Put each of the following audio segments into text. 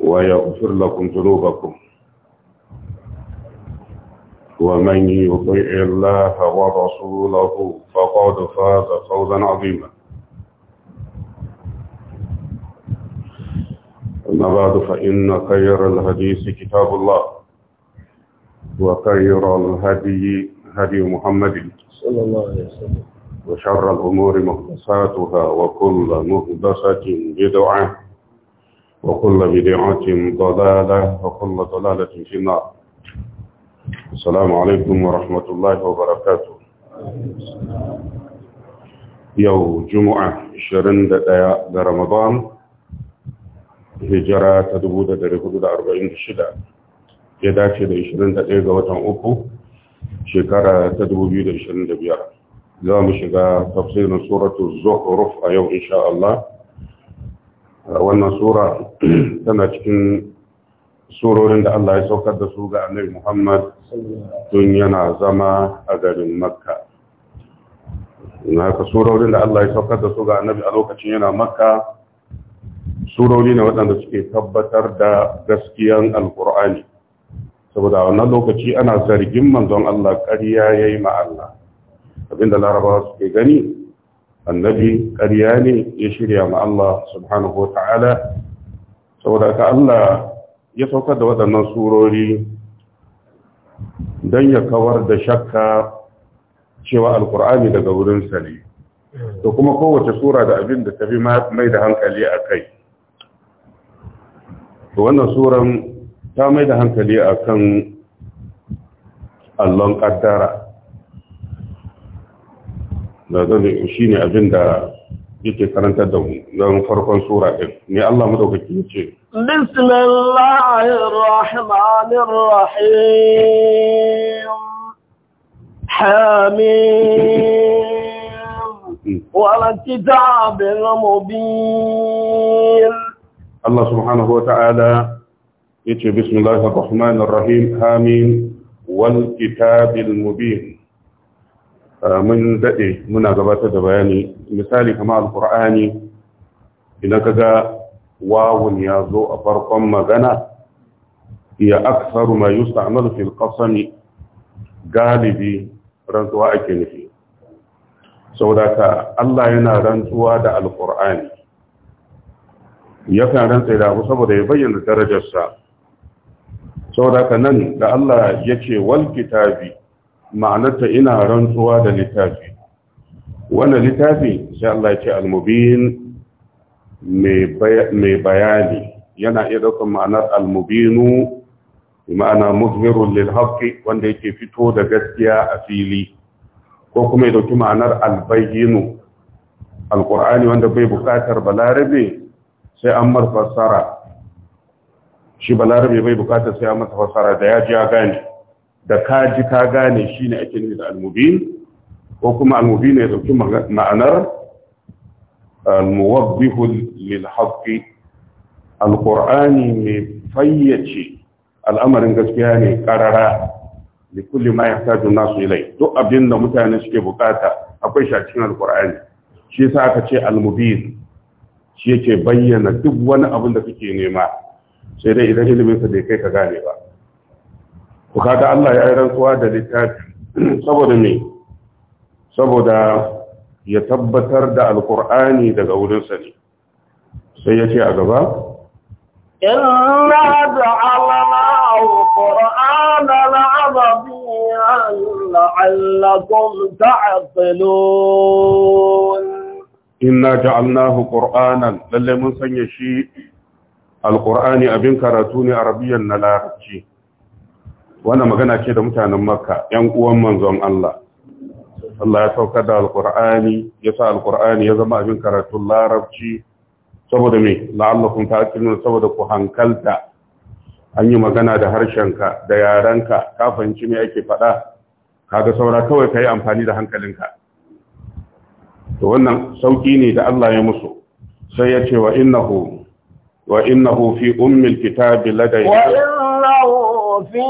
ويغفر لكم ذنوبكم ومن يطيع الله ورسوله فقد فاز فوزا عظيما أما بعد فإن خير الحديث كتاب الله وخير الهدي هدي محمد صلى الله عليه وسلم وشر الأمور محدثاتها وكل محدثة بدعة وكل بدعة ضلالة وكل ضلالة في النار السلام عليكم ورحمة الله وبركاته يوم جمعة شرن رمضان هجرة تدبودة درهود الأربعين شدة كده شد شرن ده ايه جوة عقو شكرا تدبودة شرن ده بيار لا تفصيل سورة الزهر الزخرف يوم ان شاء الله wannan sura tana cikin surorin da Allah ya saukar da su ga annabi Muhammad tun yana zama a garin Makka. Na ka surorin da Allah ya saukar da su ga annabi a lokacin yana Makka, surori ne waɗanda suke tabbatar da gaskiyan al Alƙur'ani. Saboda wannan lokaci ana zargin manzon Allah ƙarya ya yi ma Allah. Abinda larabawa suke gani annabi ƙarya ne ya shirya ma Allah subhanahu wa ta'ala saboda ka Allah ya saukar da waɗannan surori don ya kawar da shakka cewa alkur'ani daga wurin ne da kuma kowace sura da abin da ta fi mai da hankali a kai wannan suran ta mai da hankali a kan allon ƙaddara da zan shi ne abin da yake karantar da mu don farkon sura ɗin ne Allah madaukaki ya ce bismillahirrahmanirrahim hamim wala kitabil mubin Allah subhanahu wa ta'ala yace bismillahir rahmanir rahim hamim wal kitabil mubin Eh, mun daɗe muna gabatar da bayani misali kama alkur'ani idan ka ga wawun ya zo a farkon magana ya aksaru ma yi sa'amar filkasani galibi rantsuwa ake nufi saboda Allah yana rantsuwa da alkur'ani yakan rantsa da abu saboda ya bayyana darajarsa saboda nan da Allah ya ce wal kitabi ma'anarta ina rantsuwa da littafi wannan littafi sai Allah ya ce al-mubin mai bayani yana iya daukar ma'anar al-mubinu ma'ana muzmirun lil haqqi wanda yake fito da gaskiya a fili ko kuma ya dauki ma'anar al-bayyinu al-qur'ani wanda bai bukatar balarabe sai an mar fassara shi balarabe bai bukatar sai an masa fassara da ya ji ya gane da ka ji ka gane shi ne ake nufi da al ko kuma al-mubin ya dauki ma'anar al-muwaddihu lil al-qur'ani mai fayyace al'amarin gaskiya ne karara da kulle ma yahtaju nasu ilai duk abin da mutane suke bukata akwai shi a cikin al-qur'ani shi yasa aka ce almubin? mubin shi yake bayyana duk wani abin da kake nema sai dai idan ilimin sa bai kai ka gane ba to kaga Allah ya rantsuwa da littafi saboda me saboda ya tabbatar da alkur'ani daga wurin ne sai ya ce a gaba inna ja'alna alqur'ana la'abiyyan la'allakum ta'qilun inna ja'alnahu qur'anan lalle mun sanya shi alqur'ani abin karatu ne arabiyyan na larabci wannan magana ce da mutanen makka yan uwan manzon Allah Allah ya saukar da alqur'ani ya sa alqur'ani ya zama abin karatun larabci saboda me la'allakum ta'qilun saboda ku hankalta an yi magana da harshenka da yarenka ka fahimci me ake faɗa kaga saura kawai kai amfani da hankalinka to wannan sauki ne da Allah ya musu sai ya ce wa innahu wa innahu fi ummil kitabi ladayna wa وفي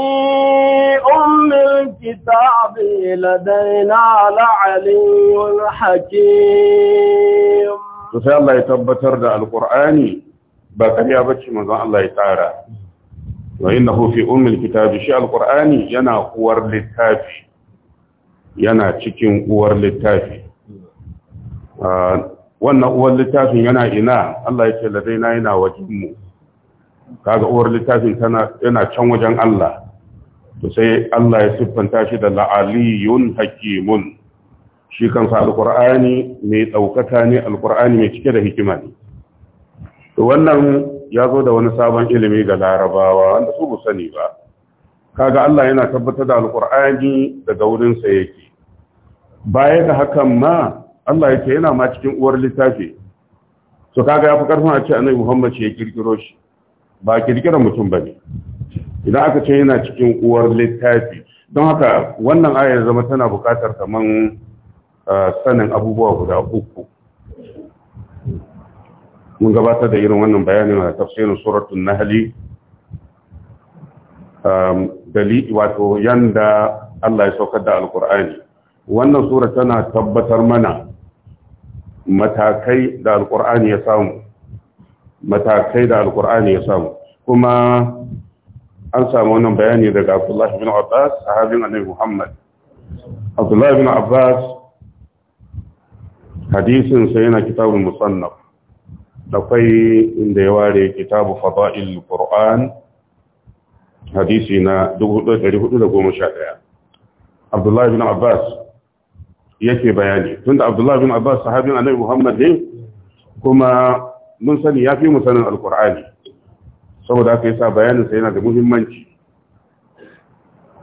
أم الكتاب لدينا لعلي حكيم sai Allah ya tabbatar da alkur'ani ba kariya bacci manzon Allah ya tsara wa innahu fi ummil kitabi shi alkur'ani yana uwar littafi yana cikin uwar littafi ah, wannan uwar littafin yana ina Allah ya ce ladaina yana wajenmu kaga uwar littafin tana yana can wajen Allah to sai Allah ya siffanta shi da la'aliyun hakimun shi kansa alqur'ani mai daukaka ne alqur'ani mai cike da hikima ne to wannan ya zo da wani sabon ilimi ga larabawa wanda su sani ba kaga Allah yana tabbatar da alqur'ani daga wurin sa yake baya da hakan ma Allah yake yana ma cikin uwar littafi to kaga ya fi karfin a ce annabi Muhammad shi ya kirkiro shi ba kirkirar mutum ba ne idan aka ce yana cikin uwar littafi don haka wannan ayar zama tana bukatar kaman sanin abubuwa guda uku mun gabatar da irin wannan bayanin a tafsirin suratun nahali dalili wato yanda Allah ya saukar da alkur'ani wannan sura tabbatar mana matakai da alkur'ani ya samu matakai da alkur'ani ya samu kuma an samu wannan bayani daga abdullahi bin abbas sahabin annabi muhammad abdullahi bin abbas hadisinsa yana kitabun musannaf akwai inda ya ware kitabu fada'il qur'an hadisi na 4411 abdullahi bin abbas yake bayani tunda abdullahi bin abbas sahabin annabi muhammad ne kuma mun sani ya fi mu sanin alkur'ani saboda aka yi sa bayaninsa yana da muhimmanci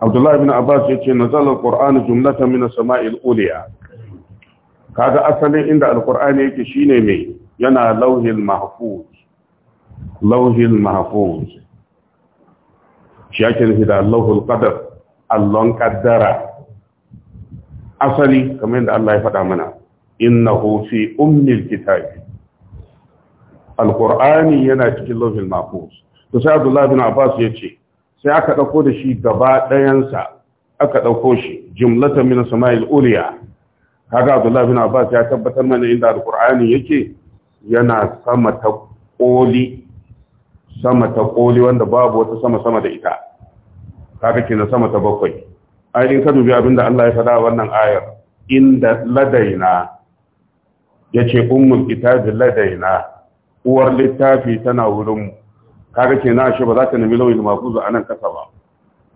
abdullahi bin abbas ya ce nazal alkur'ani jumlata min as-sama'il uliya kaga asalin inda alkur'ani yake shine mai yana lauhil mahfuz lauhil mahfuz shi ake nufi da lauhul qadar allon kaddara asali kamar yadda Allah ya faɗa mana innahu fi ummil kitabi alkur'ani yana cikin lafil mako. to sai abdullahi bin abbas ya ce sai aka ɗauko da shi gaba ɗayansa aka ɗauko shi Jumlata min sama'il uliya kaga abdullahi bin abbas ya tabbatar mana inda alkur'ani yake yana sama ta koli sama ta koli wanda babu wata sama sama da ita kaga na sama ta bakwai ai in ka dubi abinda Allah ya faɗa wannan ayar inda ladaina yace ummul kitabi ladaina uwar littafi tana wurinmu kaga ke na shi ba za ka nemi lauyin mafuzu a nan kasa ba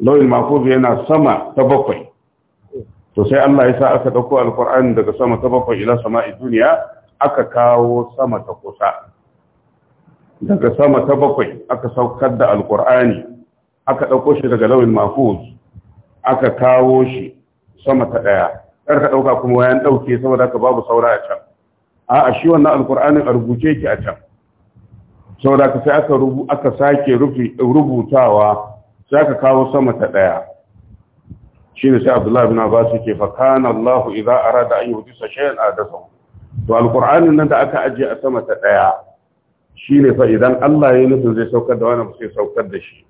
lauyin mafuzu yana sama ta bakwai to sai Allah ya sa aka dauko alkur'ani daga sama ta bakwai ila sama'i duniya aka kawo sama ta kusa daga sama ta bakwai aka saukar da alkur'ani aka dauko shi daga lauyin mafuz aka kawo shi sama ta ɗaya ka ɗauka kuma wayan ɗauke saboda ka babu saura a can A'a shi wannan alkur'anin a rubuce ki a can saboda ka sai aka rubu aka sake rubutawa sai aka kawo sama ta daya shine sai Abdullahi bin Abbas yake fa kana Allah idza arada an yuhdisa shay'an adasa to alqur'anin nan da aka aje a sama ta daya shine fa idan Allah ya nufin zai saukar da wani sai saukar da shi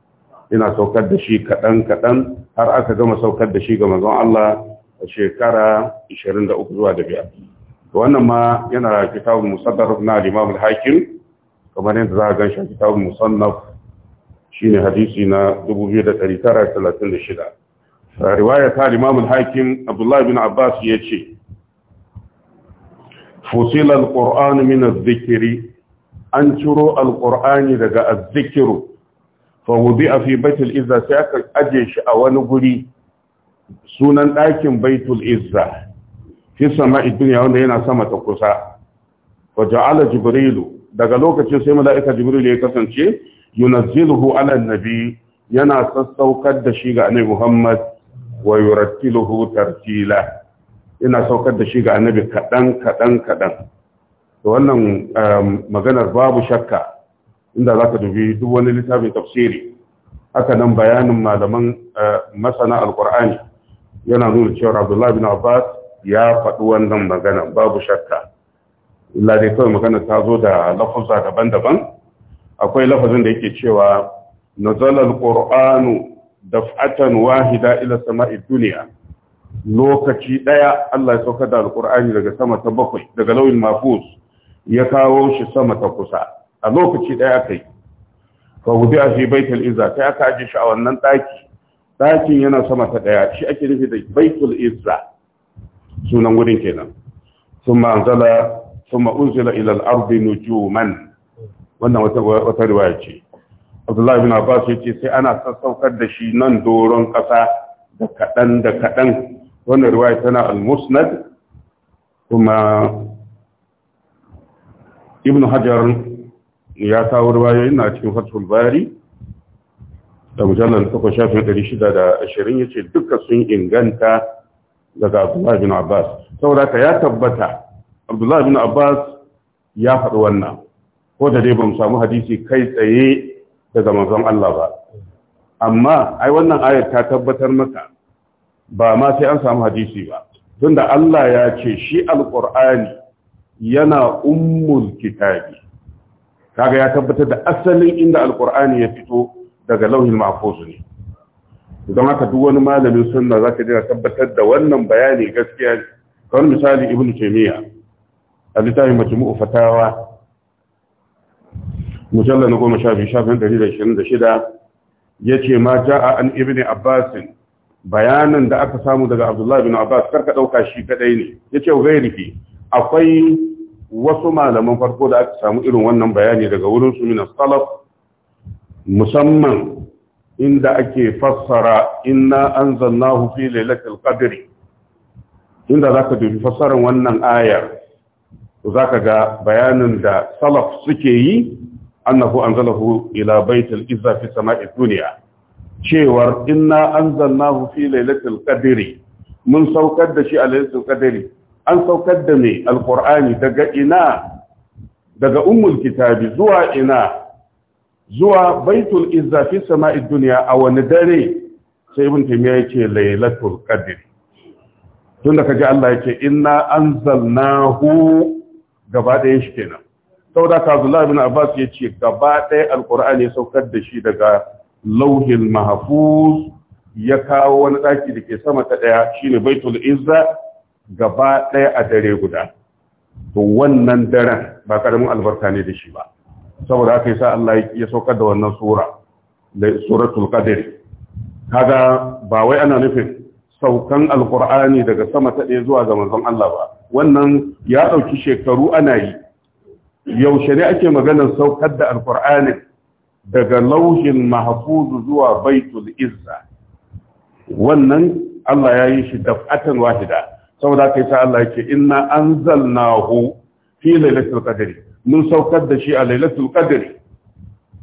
ina saukar da shi kadan kadan har aka gama saukar da shi ga manzon Allah a shekara 23 zuwa da biyar to wannan ma yana kitabul musaddar na al-Imam al-Hakim kamar yadda za a gan shi kitabun musannaf shine hadisi na 2936 riwaya ta Imam al-Hakim bin Abbas ya ce. al-Qur'an min adh an ciro alƙur'ani daga azikiru dhikru fa wudi'a fi bayt izza sai aka aje shi a wani guri sunan ɗakin baitul izza fi sama'i wanda yana sama ta kusa wa ja'ala jibrilu daga lokacin sai mala'ika jibril ya kasance yunazziluhu ala nabi yana sassaukar da shi ga annabi muhammad wa yurattiluhu tartila ina saukar da shi ga annabi kadan kadan kadan to wannan um, maganar babu shakka inda zaka dubi duk wani littafin tafsiri haka nan bayanin malaman uh, masana alqur'ani yana nuna cewa abdullahi bin abbas ya faɗi wannan maganar babu shakka illa dai magana ta zo da lafuzza daban-daban akwai lafazin da yake cewa nazalal qur'anu daf'atan wahida ila sama'i dunya lokaci daya Allah ya sauka da alqur'ani daga sama ta bakwai daga lauyin mahfuz ya kawo shi sama ta kusa a lokaci daya kai fa a fi baitul izza sai aka aje shi a wannan daki dakin yana sama ta ɗaya, shi ake nufi da baitul izza sunan gurin kenan sun أنزل ثم انزل الى الارض نجوما وانا وترواجي عبد الله بن عباس يتي سي انا سسوكر دشي نان دورون قسا دكتن دكتن وانا رواية انا المسند ثم ابن حجر يا تاو رواية انا اتكن فتح الباري لما جانا نتوقع شافي تريشي دا دا اشيرين يتي دكا سين انغانتا لدى عبد الله بن عباس تورا تياتب بتا abdullahi bin abbas ya faɗi wannan ko da dai ba mu samu hadisi kai tsaye daga manzon Allah ba amma ai wannan ayar ta tabbatar maka ba ma sai an samu hadisi ba tunda Allah ya ce shi alqur'ani yana ummul kitabi kaga ya tabbatar da asalin inda alqur'ani ya fito daga lauhin mahfuz ne don haka duk wani malamin sunna zaka je tabbatar da wannan bayani gaskiya kamar misali ibnu taymiya a littafin majmu'u fatawa mujalla na goma sha biyu shafin ɗari da da shida ya ce ma ja'a an ibn abbasin bayanan da aka samu daga abdullahi bin abbas karka ɗauka shi kaɗai ne ya ce gairihi akwai wasu malaman farko da aka samu irin wannan bayani daga wurin su minas musamman inda ake fassara inna zanna Hufi lailatul qadri inda zaka dubi fassarar wannan ayar za ka ga bayanin da salaf suke yi annahu anzalahu ila baitul izza fi sama'i duniya cewar inna anzalnahu fi lailatul qadri mun saukar da shi a lailatul qadri an saukar da mai alqur'ani daga ina daga ummul kitabi zuwa ina zuwa baitul izza fi sama'i duniya a wani dare sai ibn taymiya yake lailatul qadri tunda kaji Allah yake inna anzalnahu gaba ɗayan shi kenan saboda ka Abdullah ibn Abbas ya ce gaba ɗaya alqur'ani ya saukar da shi daga lauhin mahfuz ya kawo wani daki da ke sama ta ɗaya shine baitul izza gaba ɗaya a dare guda to wannan daren ba karamin albarka ne da shi ba saboda haka sa Allah ya saukar da wannan sura da suratul qadr kaga ba wai ana nufin saukan alkur'ani daga sama ta ɗaya zuwa ga manzon Allah ba wannan ya ɗauki shekaru ana yi yaushe ne ake maganar saukar da alkur'ani daga laushin mahfuzu zuwa baitul izza wannan Allah ya yi shi daf'atan wahida saboda kai sa Allah yake inna anzalnahu fi lailatul qadri mun saukar da shi a lailatul qadri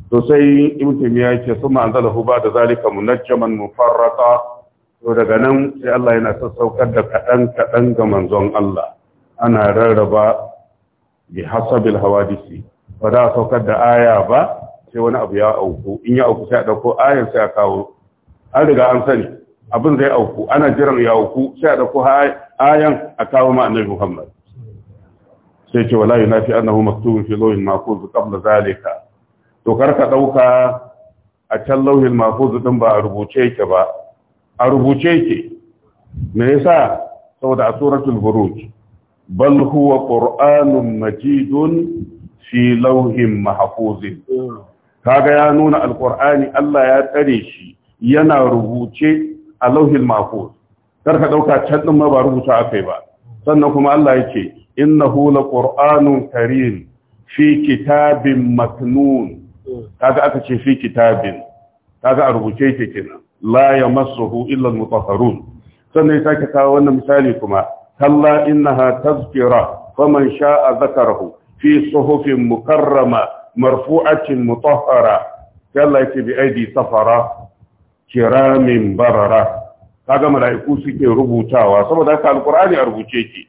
to sai ibn taymiya yake suma anzalahu ba da zalika munajjaman mufarrata to daga nan sai Allah yana sassaukar da kaɗan kaɗan ga manzon Allah ana rarraba bi hasabil hawadisi ba za a saukar da aya ba sai wani abu ya auku in ya auku sai a ɗauko ayar sai a kawo an riga an sani abin zai auku ana jiran ya auku sai a ɗauko ayan a kawo ma annabi Muhammad sai ce wala yunafi annahu maktubun fi lawhil mahfuz qabla zalika to karka ɗauka a can lauhin mahfuz din ba a rubuce yake ba a rubuce yake me yasa saboda a suratul buruj bal huwa qur'anun majidun fi lauhin mahfuzin kaga ya nuna alqur'ani Allah ya tsare shi yana rubuce a lauhin mahfuz ka dauka can din ma ba rubuta akai ba sannan kuma Allah yake innahu laqur'anun karim fi kitabin maknun kaga aka ce fi kitabin kaga a rubuce yake kenan la yamassuhu illa al-mutahharun sannan ya sake kawo wannan misali kuma kalla innaha tazkira faman sha'a zakarahu fi suhufin mukarrama marfu'atin mutahhara kalla yake bi aidi safara kiramin barara kaga mala'iku suke rubutawa saboda haka alqur'ani a rubuce ki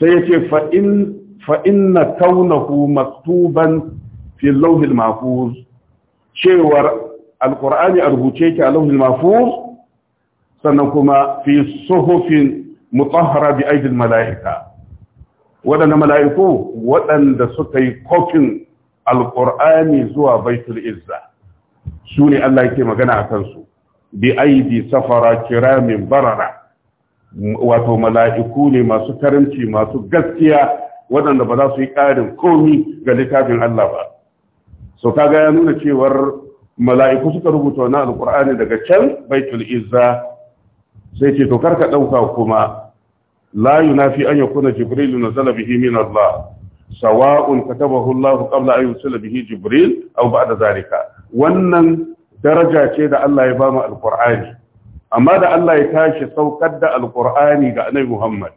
sai yace fa in fa inna kaunahu maktuban fi lawhil mahfuz cewar alqur'ani a rubuce ki a lauhul mahfuz sannan kuma fi suhufin mutahhara bi malaika waɗanda mala'iku waɗanda suka yi kofin alqur'ani zuwa baitul izza su ne Allah yake magana a kansu bi aidi safara kiramin barara wato mala'iku ne masu karimci masu gaskiya waɗanda ba za su yi ƙarin komi ga littafin Allah ba. So kaga ya nuna cewar mala'iku suka rubuta wannan alkur'ani daga can baitul izza sai ce to ka ɗauka kuma la yunafi an yakuna jibril na bihi min Allah sawa'un katabahu Allah qabla an yusala bihi jibril aw da Zarika. wannan daraja ce da Allah ya bamu alkur'ani amma da Allah ya tashi saukar da alkur'ani ga annabi Muhammad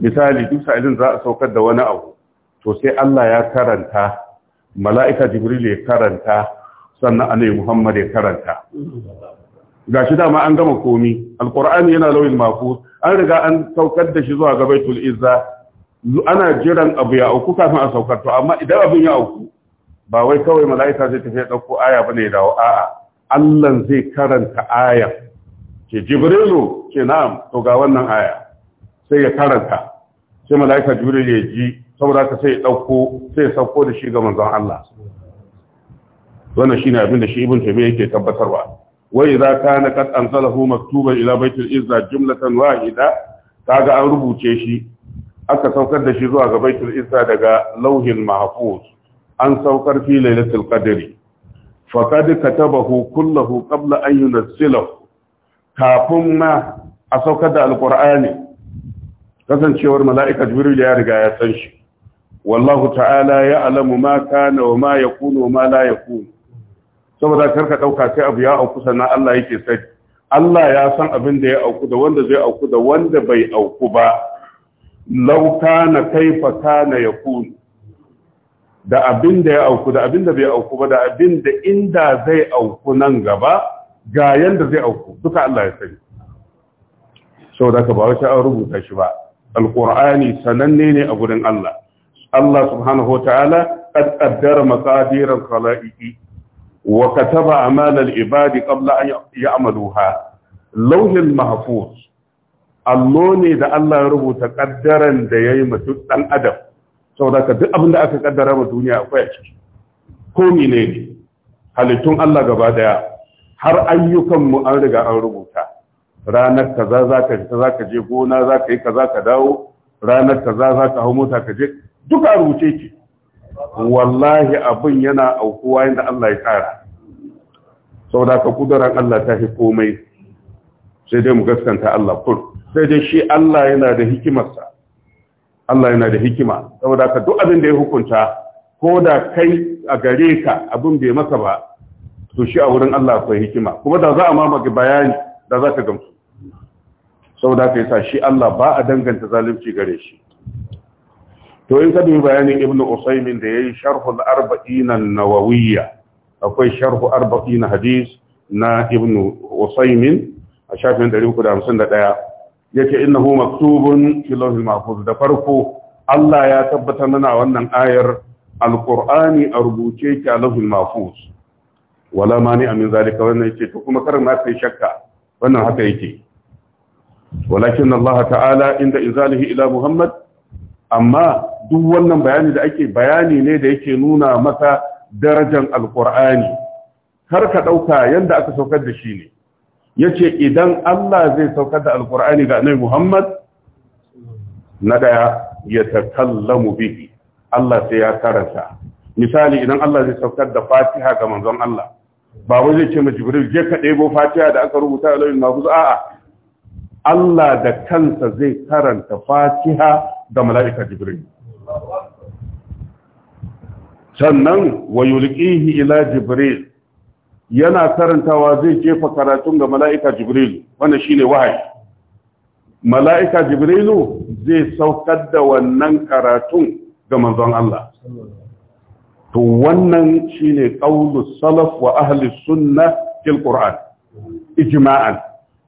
misali duk sa'idin za a saukar da wani abu to sai Allah ya karanta mala'ika jibril ya karanta sannan annabi Muhammad ya karanta Ga gashi dama an gama komi alqur'ani yana lauyin mahfuz an riga an saukar da shi zuwa ga baitul izza ana jiran abu ya auku kafin a saukar to amma idan abin ya auku ba wai kawai mala'ika zai tafi ya dauko aya bane da dawo a'a Allah zai karanta aya ce jibrilu ce na'am to ga wannan aya sai ya karanta sai mala'ika jibril ya ji saboda ka sai ya dauko sai ya sauko da shi ga manzon Allah wannan shine abin da shi ibn tabi yake tabbatarwa wa idza kana qad anzalahu maktuban ila baitul izza jumlatan wahida kaga an rubuce shi aka saukar da shi zuwa ga baitul izza daga lauhin mahfuz an saukar fi lailatul qadri faqad katabahu kullahu qabla an yunzilahu kafin ma a saukar da alqur'ani kasancewar mala'ika jibril ya riga ya san shi wallahu ta'ala ya alamu ma kana wa ma yakunu wa ma la yakunu saboda karka ɗauka sai abu ya auku sannan Allah yake sani Allah ya san abin da ya auku da wanda zai auku da wanda bai auku ba lau kana kaifa kana kunu. da abin da ya auku da abin da bai auku ba da abin da inda zai auku nan gaba ga yanda zai auku duka Allah ya sani saboda ka ba wata an rubuta shi ba alqur'ani sananne ne a gurin Allah Allah subhanahu wa ta'ala qad qaddara maqadir al-khalaiqi wa kataba amalal ibadi kabla an amaluha. lauhin mahfuz allo ne da Allah ya rubuta kaddaran da yayi mutum dan adam saboda ka duk abin aka kaddara ma duniya akwai a ciki ko ne halittun Allah gaba daya har ayyukan mu an riga an rubuta ranar kaza zaka fita gona kaza ka dawo ranar kaza zaka hau mota wallahi abin yana aukuwa yadda Allah ya kara sau da ka kudurar Allah ta fi komai sai dai mu gaskanta Allah kur sai dai shi Allah yana da hikimarsa Allah yana da hikima sau da ka duk abin da ya hukunta ko da kai a gare ka abin bai masa ba to shi a wurin Allah akwai hikima kuma da za a mamaki bayani da za ka gamsu sau da ka yi sa shi Allah ba a danganta zalunci gare shi to in ka dubi bayanin ibnu usaymin da yayi sharhul arba'in an-nawawiyya akwai sharhu arba'in hadis na ibnu usaymin a shafin 351 yake innahu maktubun fi lawhil mahfuz da farko Allah ya tabbatar mana wannan ayar alqur'ani a rubuce ki a lawhil mahfuz wala mani amin zalika wannan yake to kuma karin ma sai shakka wannan haka yake walakin Allah ta'ala inda izalihi ila Muhammad amma duk wannan bayani da ake bayani ne da yake nuna maka darajar alkur'ani kar ka ɗauka yadda aka saukar da shi ne ya ce idan Allah zai saukar da alkur'ani ga annabi Muhammad na ɗaya ya takallamu bihi Allah sai ya karanta misali idan Allah zai saukar da fatiha ga manzon Allah ba zai ce ma Jibril je ka ɗebo fatiha da aka rubuta a lauyin mahfuz a'a Allah da kansa zai karanta fatiha da mala'ika Jibril sannan wa yulqihi ila jibril yana karantawa zai jefa karatun ga mala'ika jibrilu wannan shine wahayi mala'ika jibril zai saukar da wannan karatun ga manzon Allah to wannan shine qaulus salaf wa ahli sunna fil qur'an ijma'an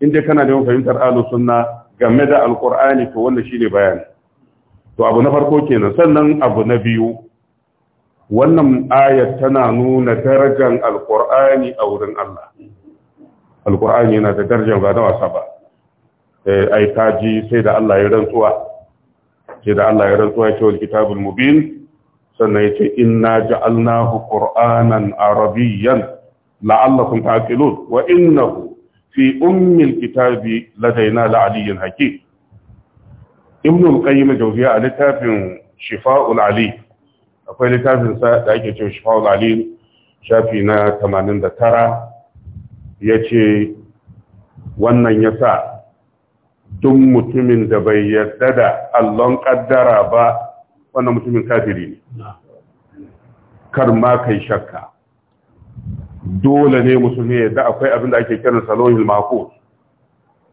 inda kana da fahimtar ahli sunna game da alqur'ani to wannan shine bayani to abu na farko kenan sannan abu na biyu wannan ayat tana nuna darajar alkur'ani a wurin Allah alkur'ani yana da darajar ba da wasa ba eh, ai kaji sai da Allah ya rantsuwa sai da Allah ya rantsuwa ya ce wal kitabul mubin sannan ya ce inna ja'alnahu qur'anan arabiyyan la'allakum ta'qilun wa innahu fi ummil kitabi ladaina la'aliyyun hakim ibn al-qayyim jawziya a littafin shifa'ul ali akwai littafin sa da ake cewa shifa'ul ali shafi na 89 yace wannan yasa duk mutumin da bai yarda da allon kaddara ba wannan mutumin kafiri ne kar ma kai shakka dole ne musulmi yadda akwai abin da ake kiran salohil mahfuz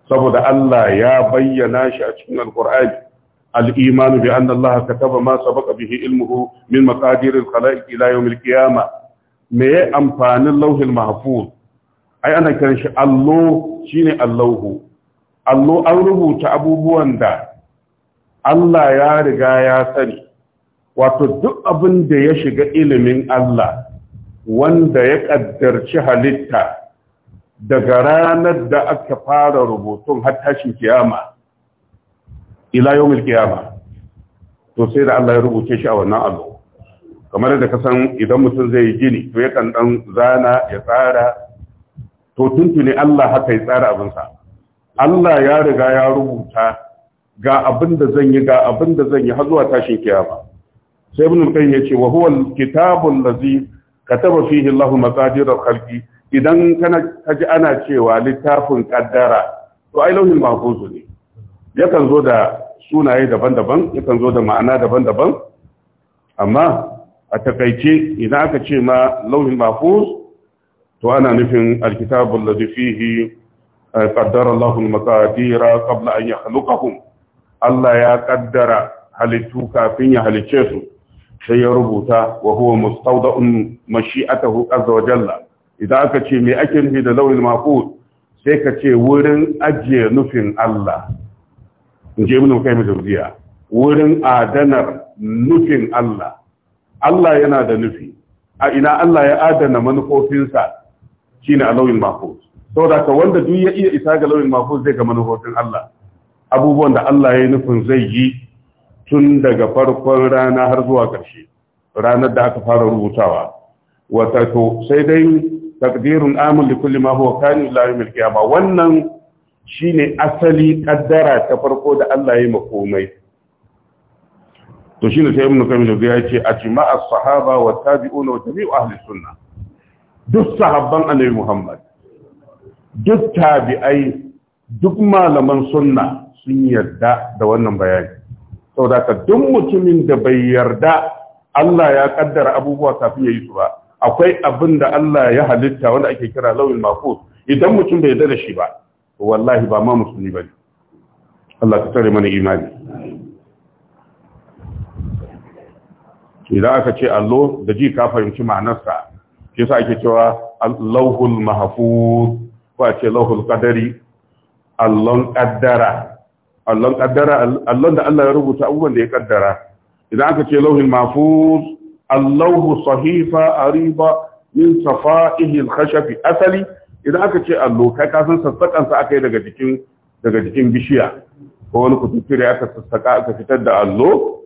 saboda Allah ya bayyana shi a cikin alkur'ani al-iman bi anna Allah kataba ma sabaqa bihi ilmuhu min maqadir al-khalaiq ila yawm al-qiyamah me amfanin lauhil mahfuz ai ana kiran shi allo shine allahu allo an rubuta abubuwan da Allah ya riga ya sani wato duk abin da ya shiga ilimin Allah wanda ya kaddarci halitta daga ranar da aka fara rubutun har tashin kiyama ila kiyama to sai da Allah ya rubuce shi a wannan abu kamar da ka san idan mutum zai yi gini to yakan dan zana ya tsara to tuntuni Allah haka ya tsara abinsa Allah ya riga ya rubuta ga abin da zan yi ga abin da zan yi har zuwa tashin kiyama sai ibn qayyim ya ce wa huwa al kitabu allazi kataba fihi Allahu maqadir al-khalqi idan ka ji ana cewa littafin kaddara to ai lauhin mahfuzu ne yakan zo da sunaye daban-daban yakan zo da ma'ana daban-daban amma a takaice idan aka ce ma lauhin mahfuz to ana nufin alkitabul ladhi fihi eh, qaddara Allahu al-maqadira qabla an yakhluqahum Allah ya kaddara halittu kafin ya halice su sai ya rubuta wa huwa mustawda'un mashi'atahu azza wa jalla idan aka ce me ake nufi da launin mako? sai ka ce wurin ajiye nufin Allah in je mun kai mazuriya wurin adanar nufin Allah Allah yana da nufi a ina Allah ya adana manufofinsa shine a lauyin Sau da ka wanda duk ya iya isa ga lauyin mako zai ga manufofin Allah abubuwan da Allah ya yi nufin zai yi tun daga farkon rana har zuwa ƙarshe ranar da aka fara rubutawa wata sai dai takdirun amin da kulli ma huwa kani la yawmil qiyamah wannan shine asali kaddara ta farko da Allah ya yi makomai to shine sai ibn kamil ya ce ajma'a sahaba wa tabi'una wa tabi'u ahli sunna duk sahabban annabi Muhammad duk tabi'ai duk malaman sunna sun yarda da wannan bayani saboda duk mutumin da bai yarda Allah ya kaddara abubuwa kafin ya yi su ba akwai abin da Allah ya halitta wanda ake kira lawil mafus idan mutum bai yarda shi ba wallahi ba ma musulmi bane Allah ta tare mana imani idan aka ce allo da ji ka fahimci ma'anarsa shi yasa ake cewa lauhul mahfuz ko a ce lauhul qadari allon qaddara allon qaddara allon da Allah ya rubuta abubuwan da ya kaddara idan aka ce lauhul mahfuz allahu sahifa ariba min safa'ihi al-khashafi asali idan aka ce allo kai ka san sassakan sa aka yi daga jikin daga bishiya ko wani kututture aka sassaka aka fitar da allo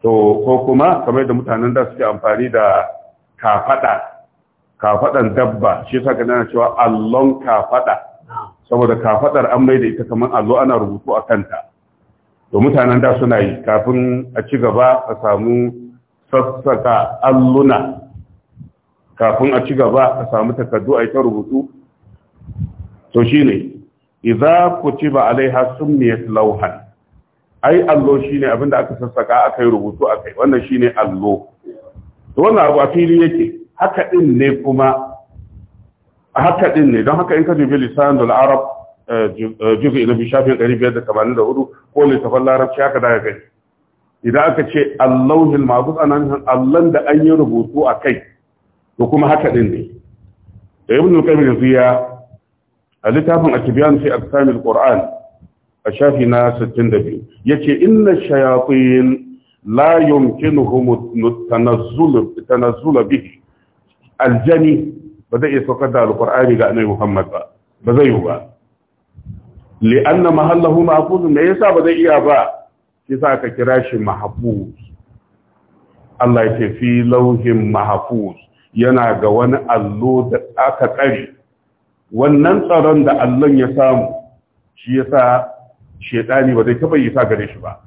to ko kuma kamar da mutanen da suke amfani da kafada kafadan dabba shi yasa kana cewa allon kafada saboda kafadar an mai da ita kamar allo ana rubutu a kanta to mutanen da suna yi kafin a ci gaba a samu sassaka alluna kafin a ci gaba a samu takardu a yi ta rubutu to shi ne alai kutiba ne summiyat lauhan ai allo shine abinda aka sassaka aka yi rubutu akai wannan shine allo to wannan abu a fili yake haka din ne kuma haka din ne don haka in ka lisan eh, eh, da arab juzu ina bi shafin 584 ko littafin larabci haka daga gani idan aka ce allahul mahfuz ana da an yi rubutu a kai to kuma haka din ne da ibn al-qayyim jaziya a littafin at-tibyan fi aqsam al-qur'an a shafi na 62 yace inna shayatin la yumkinuhum tanazzul tanazzul bihi aljani ba zai iya saukar da alqur'ani ga annabi muhammad ba ba zai yi ba li'anna mahallahu ma'qud me yasa ba zai iya ba kisa ka kira shi mahfuz Allah yake fi lauhin mahfuz yana ga wani allo da aka tsare wannan tsaron da allon ya samu shi yasa shedani ba zai taba yi gare shi ba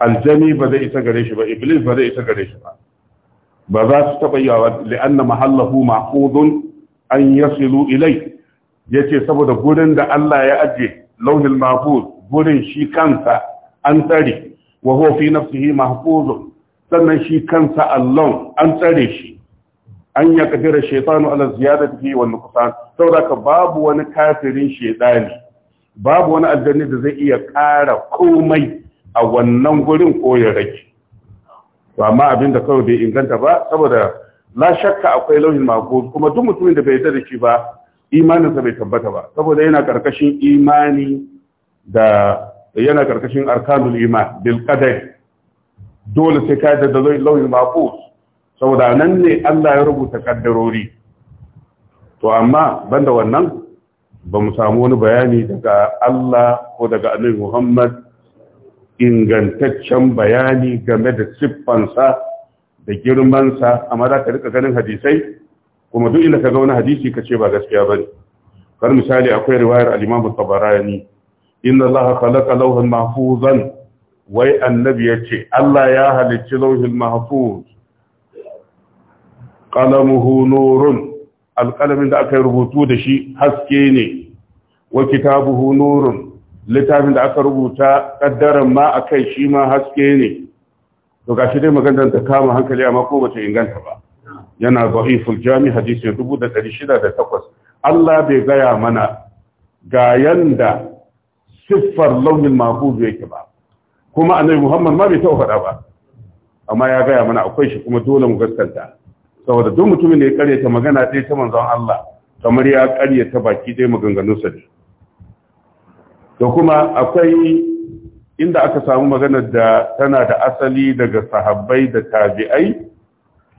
aljani ba zai isa gare shi ba iblis ba zai isa gare shi ba ba za su taba yi wa li'anna mahallahu mahfuzun an yasilu ilai yace saboda gurin da Allah ya aje lauhil mahfuz gurin shi kansa an tsare wa huwa fi mahfuzun sannan shi kansa allon an tsare shi an ya kadira shaitanu ala fi wa nuqsan saboda babu wani kafirin shaitani babu wani aljanni da zai iya ƙara komai a wannan gurin ko ya rage ba ma abin da kawai bai inganta ba saboda la shakka akwai lauhin mako kuma duk mutumin da bai yarda da shi ba imaninsa bai tabbata ba saboda yana karkashin imani da yana karkashin arkanul iman bil qadar dole sai ka da lauyin mafus saboda nan ne Allah ya rubuta kaddarori to amma banda wannan ba mu samu wani bayani daga Allah ko daga Annabi Muhammad ingantaccen bayani game da siffansa da girmansa amma za ka rika ganin hadisai kuma duk inda ka ga wani hadisi ka ce ba gaskiya bane kar misali akwai riwayar al-Imam Tabarani inna allaha khalaqa lawhan mahfuzan wai annabi yace Allah ya halicci lawhil mahfuz qalamuhu nurun alqalamin da aka rubuta da shi haske ne wa kitabuhu nurun littafin da aka rubuta kaddaran ma akai shi ma haske ne to gashi dai maganar ta kama hankali amma ko bata inganta ba yana da'iful jami hadisi 1608 Allah bai gaya mana ga yanda siffar launin mahfuz yake ba kuma annabi Muhammad ma bai taɓa faɗa ba amma ya gaya mana akwai shi kuma dole mu gaskanta saboda duk mutumin da ya karyata magana ɗaya ta manzon Allah kamar ya ta baki ɗaya sa ne da kuma akwai inda aka samu magana da tana da asali daga sahabbai da tabi'ai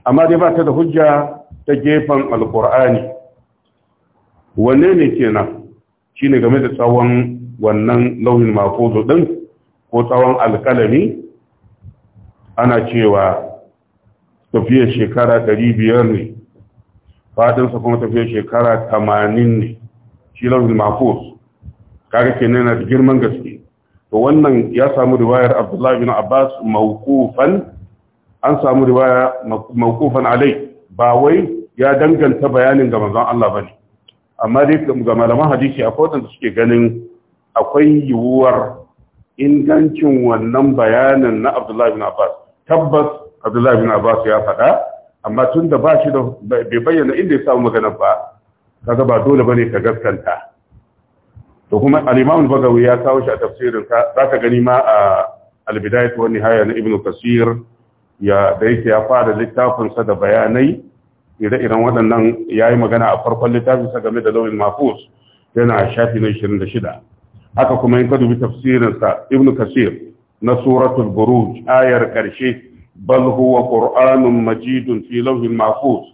amma dai ba ta da hujja ta gefen alkur'ani wanne ne kenan shine game da tsawon wannan launin mafuzu din ko tsawon alkalami ana cewa tafiyar shekara 500 ne fadinsa kuma tafiyar shekara 80 ne shi lauhin mafuz kaga kenan na da girman gaske to wannan ya samu riwayar Abdullah bin Abbas mawqufan an samu riwaya mawqufan alai ba wai ya danganta bayanin ga manzon Allah bane amma dai ga malaman hadisi akwai wanda suke ganin akwai yiwuwar ingancin wannan bayanin na Abdullahi bin Abbas tabbas Abdullahi bin Abbas ya faɗa amma tun da ba shi da bai bayyana inda ya samu maganar ba kaga ba dole ba ne ka gaskanta to kuma al-Imam bagawi ya kawo shi a tafsirin Za ka gani ma a al-Bidayah wa Nihaya na Ibn kasir ya da yake ya fara littafin sa da bayanai ire-iren waɗannan yayi magana a farkon littafin sa game da lawin mafus yana shafi na 26 haka kuma in ka dubi tafsirinsa ibnu kasir na suratul buruj ayar karshe bal huwa qur'anun majidun fi lawhin mahfuz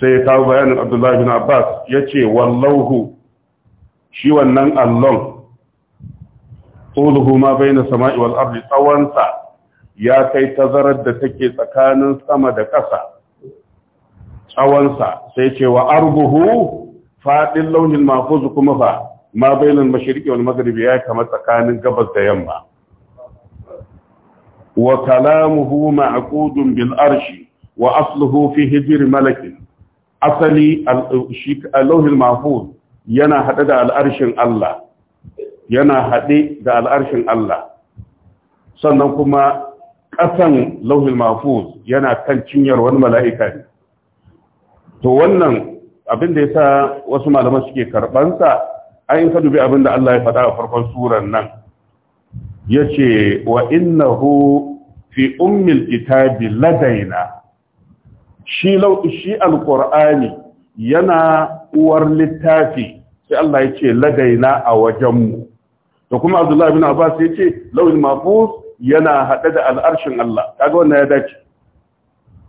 sai ya kawo bayanin abdullahi bin abbas yace wallahu shi wannan allon tsoluhu ma bai na sama'i wal'arri tsawonsa ya kai tazarar da take tsakanin sama da ƙasa tsawonsa sai ce wa faɗin launin mafuzu kuma fa ma bainal mashriqi wal maghribi ya kama tsakanin gabas da yamma wa kalamuhu ma'qudun bil arshi wa asluhu fi hijr malak asali al-lawhil mahfuz yana hada da al'arshin Allah yana hade da al'arshin Allah sannan kuma ƙasan lauhin mafuz yana kan cinyar wani mala'ika ne to wannan abin da ya sa wasu malaman suke karɓansa ayin ka dubi abinda da Allah ya faɗa a farkon suran nan ya ce wa innahu fi ummil kitabi ladaina shi shi alqur'ani yana uwar littafi sai Allah ya ce ladaina a wajenmu to kuma Abdullahi bin Abbas ya ce lawil mafus yana haɗe da al'arshin Allah kaga wannan ya dace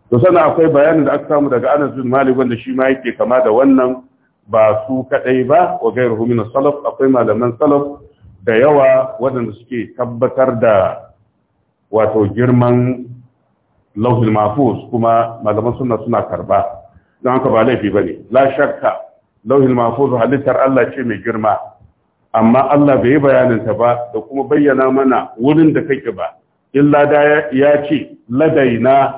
to sana akwai bayanin da aka samu daga Anas bin Malik wanda shi ma yake kama da wannan ba su kadai ba wa gairu min salaf akwai malaman salaf da yawa waɗanda suke tabbatar da wato girman lauhin mafus kuma malaman suna suna karba don haka ba laifi ne. la shakka lauhin mafus halittar Allah ce mai girma amma Allah bai yi bayanin ta ba da kuma bayyana mana wurin da kake ba illa da ya ce ladaina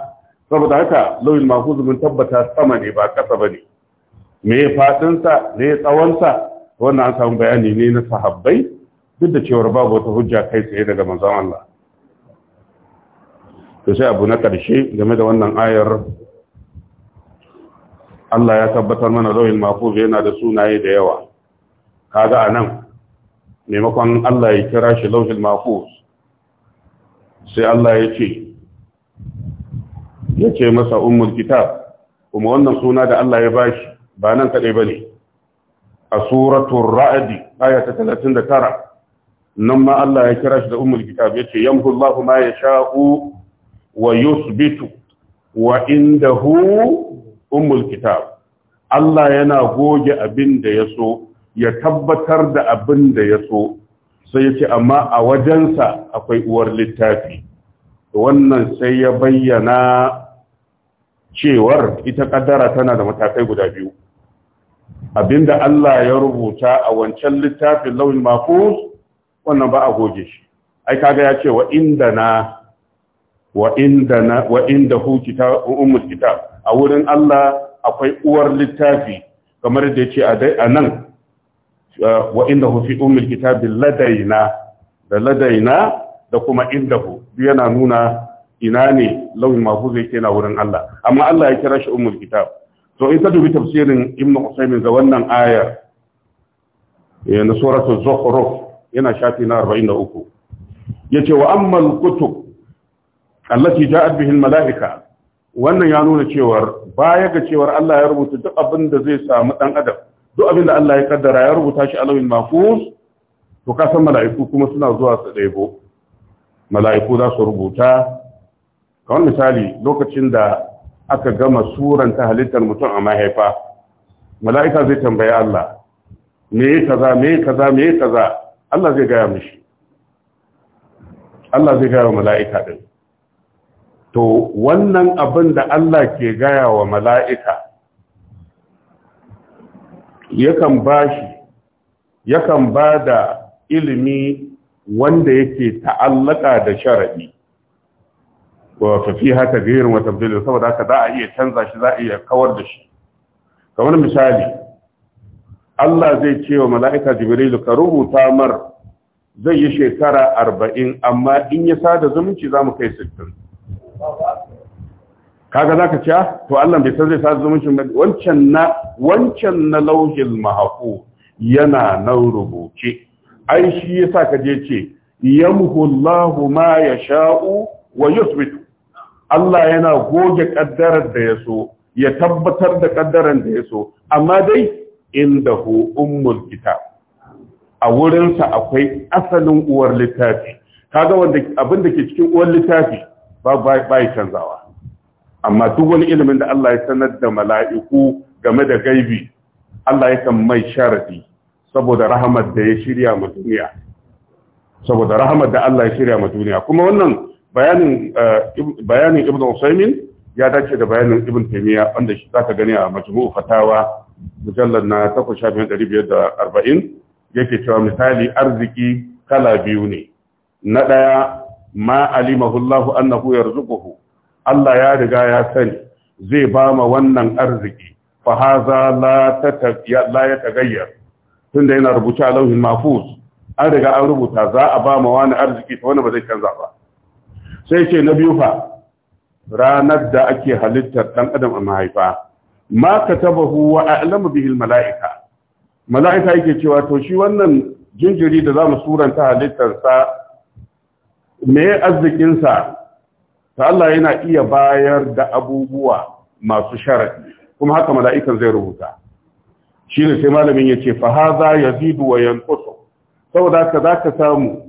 saboda haka lauhin mafus mun tabbata sama ne ba kasa bane me faɗinsa me tsawonsa wannan an samu bayani ne na sahabbai duk da cewar babu wata hujja kai tsaye daga manzon Allah to sai abu na ƙarshe game da wannan ayar Allah ya tabbatar mana lauyin mafuz yana da sunaye da yawa kaga anan maimakon Allah ya kira shi lauhin mafuz sai Allah ya ce ya ce masa ummul kitab kuma wannan suna da Allah ya bashi ba nan kaɗai ba ne a suratun ra'adi aya ta talatin da tara, nan ma Allah ya kira shi da umar kitab ya ce yamhu Allahu ma ya sha'u wa yusbitu wa indahu umar kitab Allah yana goge abin da ya so ya tabbatar da abin da ya so sai ya ce amma a wajensa akwai uwar littafi wannan sai ya bayyana cewar ita kaddara tana da matakai guda biyu abinda Allah ya rubuta a wancan littafin launin mafus wannan ba a goge shi ai kaga ya ce wa inda na wa inda na wa inda hu ummul kitab a wurin Allah akwai uwar littafi kamar da yace a nan wa inda hu fi ummul kitab ladaina da ladaina da kuma inda hu yana nuna ina ne lauyin mafus yake na wurin Allah amma Allah ya kira shi ummul kitab to in ka dubi tafsirin ibn usaymin ga wannan ayar eh, na suratul zukhruf yana shafi na 43 yace wa ammal kutub allati ja'at bihi al malaika wannan ya nuna cewar baya ga cewar Allah ya rubuta duk abin da zai samu dan adam duk abin da Allah ya kaddara ya rubuta shi lawin mafus to ka san mala'iku kuma suna zuwa su ɗaibo mala'iku za su rubuta kamar misali lokacin da aka gama suranta halittar mutum a mahaifa mala'ika zai tambaye Allah me kaza me kaza me kaza Allah zai gaya mishi Allah zai gaya wa mala'ika din to wannan abin da Allah ke gaya wa mala'ika yakan bashi yakan ba da ilimi wanda yake ta'allaka da sharaɗi wa fi haka gairin wata bdilin saboda haka za a iya canza shi za a iya kawar da shi kamar misali Allah zai ce wa mala'ika jibrilu ka rubuta mar zai yi shekara arba'in amma in ya sada zumunci za mu kai sittin kaga za ka ce ah, to Allah bai san zai sada zumuncin ba wancan na wancan na lauhin mahafu yana na rubuce ai shi yasa ka je ce yamhu Allahu ma yasha'u wa yuthbitu Allah yana goge ƙaddarar da ya so ya tabbatar da ƙaddarar da ya so amma dai indahu ummul kita a wurinsa akwai asalin uwar littafi kaga wanda abin ke cikin uwar littafi ba bai canzawa amma duk wani ilimin da Allah ya sanar da mala'iku game da gaibi Allah yakan mai sharadi saboda rahamar da ya shirya ma duniya saboda rahamar da Allah ya shirya ma duniya kuma wannan Eh, bayanin ibn usaimin ya dace da bayanin ibn Taimiyya, wanda shi zaka gani a majmu' fatawa mujallar na 8540 yake cewa misali arziki kala biyu ne na ɗaya, ma alimahu Allah annahu yarzuquhu Allah ya riga ya sani zai ba ma wannan arziki fa haza la la yatagayyar tunda yana rubuta a lauhin mahfuz an riga an rubuta za a ba ma wani arziki ta wani ba zai canza ba sai ce na biyu fa ranar da ake halittar ɗan adam a mahaifa ma huwa a a'lamu bihi mala'ika mala'ika yake cewa to shi wannan jinjiri da zamu suranta halittarsa me arzikinsa ta Allah yana iya bayar da abubuwa masu sharadi kuma haka mala'ikan zai rubuta shi ne sai malamin ya ce fahaza ya zidu wa yankusu saboda ka za ka samu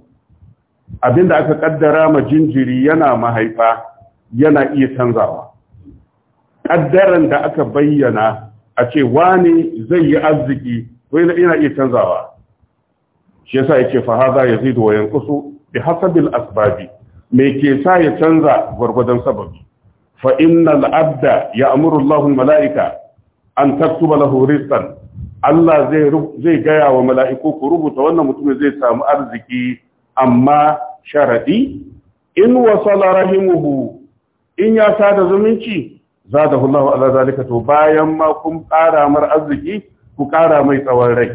abinda aka kaddara ma jinjiri yana mahaifa yana iya canzawa kaddaran da aka bayyana a ce wani zai yi arziki wani yana iya canzawa shi yasa yake fa haza yazidu wa yanqusu bi hasabil asbabi me ke sa ya canza gwargwadon sababi fa innal abda ya'muru Allahu mala'ika an taktuba lahu rizqan Allah zai zai gaya wa mala'iku ku rubuta wannan mutumin zai samu arziki amma sharadi in wasala rahimuhu in ya sada zumunci zadahu Allah ala zalika to bayan ma kun fara mar arziki ku kara mai tsawon rai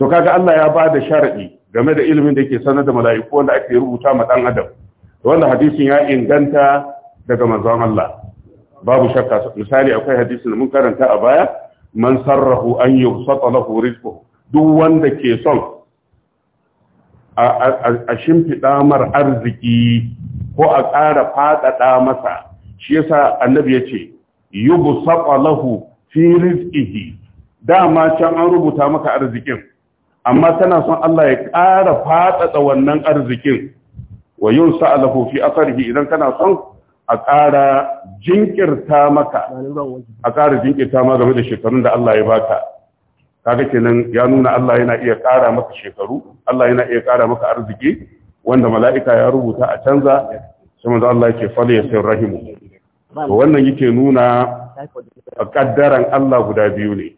to kaga Allah ya bada da sharadi game da ilimin da yake sanar da mala'iku wanda ake rubuta ma dan adam wannan hadisin ya inganta daga manzon Allah babu shakka misali akwai hadisin da mun karanta a baya man sarrahu an yusata lahu rizquhu duk wanda ke son a shimfiɗa mar arziki ko a ƙara faɗaɗa masa shi yasa annabi ya ce yi lahu fi rizqihi dama can an rubuta maka arzikin amma tana son Allah ya ƙara faɗaɗa wannan arzikin wa yau sa'alahu fi asarihi idan kana son a ƙara jinkirta maka a ƙara jinkirta ma game da shekarun da Allah ya baka kaga kenan ya nuna Allah yana iya ƙara maka shekaru Allah yana iya ƙara maka arziki wanda mala'ika ya rubuta a canza sai manzo Allah yake fali ya sayar rahimu to wannan yake nuna kaddaran Allah guda biyu ne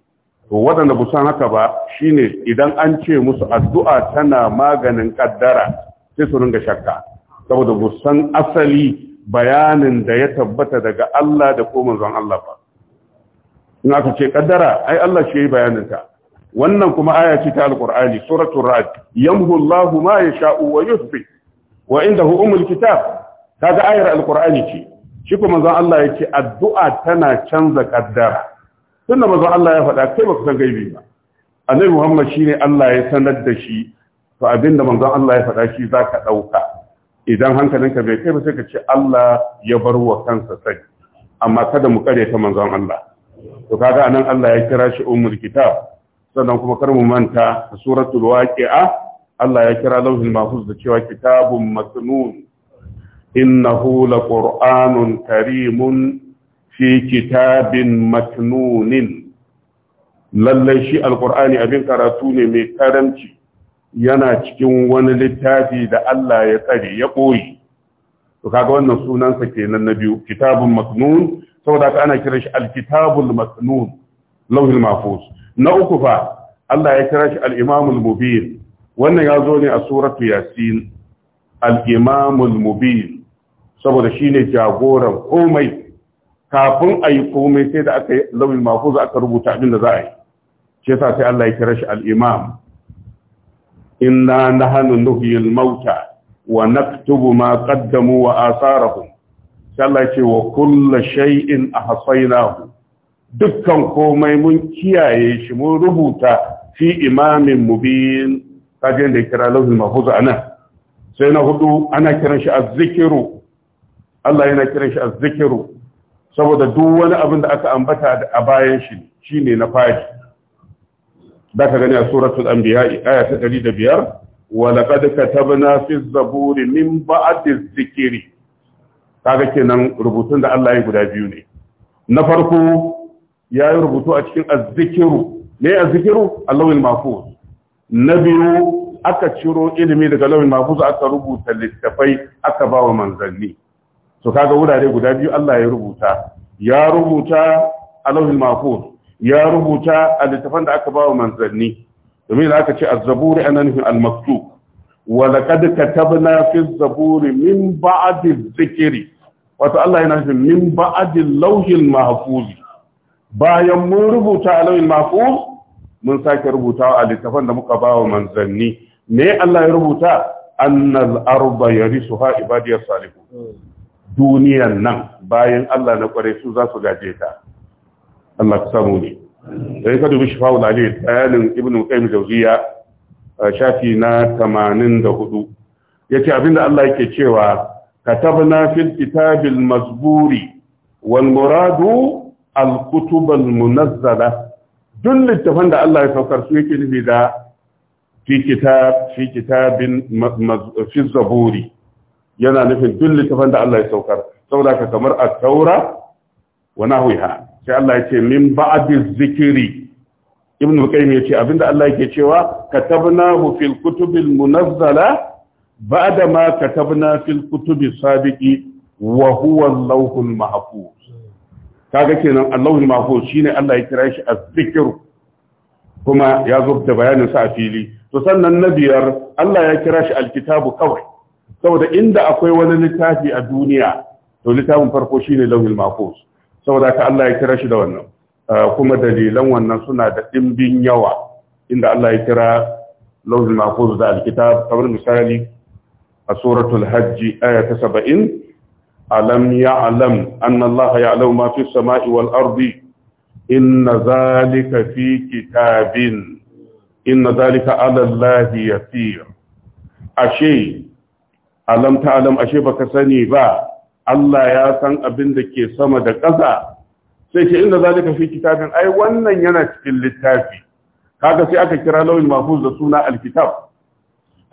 to waɗanda ba san haka ba shine idan an ce musu addu'a tana maganin kaddara sai su ringa shakka saboda ba san asali bayanin da ya tabbata daga Allah da ko manzon Allah ba in aka ce kaddara ai Allah shi ya yi ta. wannan kuma aya ce ta alqur'ani suratul ra'd yamhu Allahu ma yasha'u wa yuthbi wa indahu umul kitab kaga ayar alqur'ani ce shi kuma manzon Allah yake addu'a tana canza kaddara tunda manzon Allah ya faɗa kai baka san gaibi ba annabi Muhammad shine Allah ya sanar da shi to abinda manzon Allah ya faɗa shi zaka dauka idan hankalinka bai kai ba sai ka ce Allah ya bar wa kansa sani amma kada mu kare ta manzon Allah to kaga anan Allah ya kira shi ummul kitab sannan kuma kar mu manta a suratul waqi'a Allah ya kira lauhin mahfuz da cewa kitabun masnun innahu laqur'anun karimun fi kitabin maknunin lallai shi alqur'ani abin karatu ne mai karamci yana cikin wani littafi da Allah ya tsare ya koyi to kaga wannan sunansa kenan na biyu kitabun maknun saboda ana kiran shi alkitabul maknun lauhin mahfuz na uku fa Allah ya kira shi al'imamul mubin wannan ya zo ne a suratu yasin al'imamul mubin saboda shine jagoran komai kafin a yi komai sai da aka yi lauyin mafuz aka rubuta abin da za a yi shi sa sai Allah ya kira shi alimam imam inna nahnu nuhyil mauta wa naktubu ma qaddamu wa atharahum sai Allah ya ce wa kullu a ahsaynahu dukkan komai mun kiyaye shi mun rubuta fi imamin mubin kajin da kira lauhin mahfuz anan sai na hudu ana kiran shi azzikiru Allah yana kiran shi azzikiru saboda duk wani abin da aka ambata a bayan shi shine na fadi. da ka gani a suratul anbiya aya ta 105 wa laqad katabna fi zaburi min ba'di zikri kaga kenan rubutun da Allah ya guda biyu ne na farko ya yi rubutu a cikin azzikiru ne azzikiru lauyin mafuz na biyu aka ciro ilimi daga lawil mafuz aka rubuta littafai aka ba wa manzanni to kaga wurare guda biyu Allah ya rubuta ya rubuta lauyin mafuz ya rubuta a littafan da aka ba wa manzanni domin da aka ce a zaburi ana al-maktub wa laqad katabna fi zaburi min ba'di adh wato Allah yana nufin min ba'adin lauhin mahfuz bayan mun rubuta a alawil mahfuz mun sake rubuta a littafan da muka bawa manzanni me Allah ya rubuta annal arda yarisuha ibadiyas salihun duniyan nan bayan Allah na kware su za su gaje ta Allah ka samu ne sai ka dubi shifa'ul ali bayanin ibnu qayyim jawziya shafi na 84 yace abinda Allah yake cewa katabna fil kitabil mazburi wal muradu al-kutubal munazzala duk littafan da Allah ya saukar su yake nufi da fi kitab fi kitabin fi zaburi yana nufin duk littafan da Allah ya saukar saboda ka kamar at-taura wa nahwiha sai Allah ya ce min ba'di zikri ibn al-qayyim ce abinda Allah yake cewa katabnahu fil kutubil munazzala ba'da ma katabna fil kutubi sabiqi wa huwa al-lawhul mahfuz kaga kenan Allahul Mahfuz shine Allah ya kira shi az-zikr kuma ya zo da bayanin sa a fili to sannan na biyar Allah ya kira shi al-kitabu kawai saboda inda akwai wani littafi a duniya to littafin farko shine Lauhul Mahfuz saboda ka Allah ya kira shi da wannan ah, kuma dalilan wannan suna da dimbin yawa inda Allah ya kira Lauhul Mahfuz da al-kitab kamar misali a suratul hajji aya 70 alam ya'lam anna Allah ya'lamu ma fi samai wal arzi. inna zalika fi kitabin inna zalika ala Allah yasir ashe alam ta'lam ashe baka sani ba Allah ya san abin da ke sama da ƙasa sai ce inna zalika fi kitabin ai wannan yana cikin littafi kaga sai aka kira lawin mahfuz da suna alkitab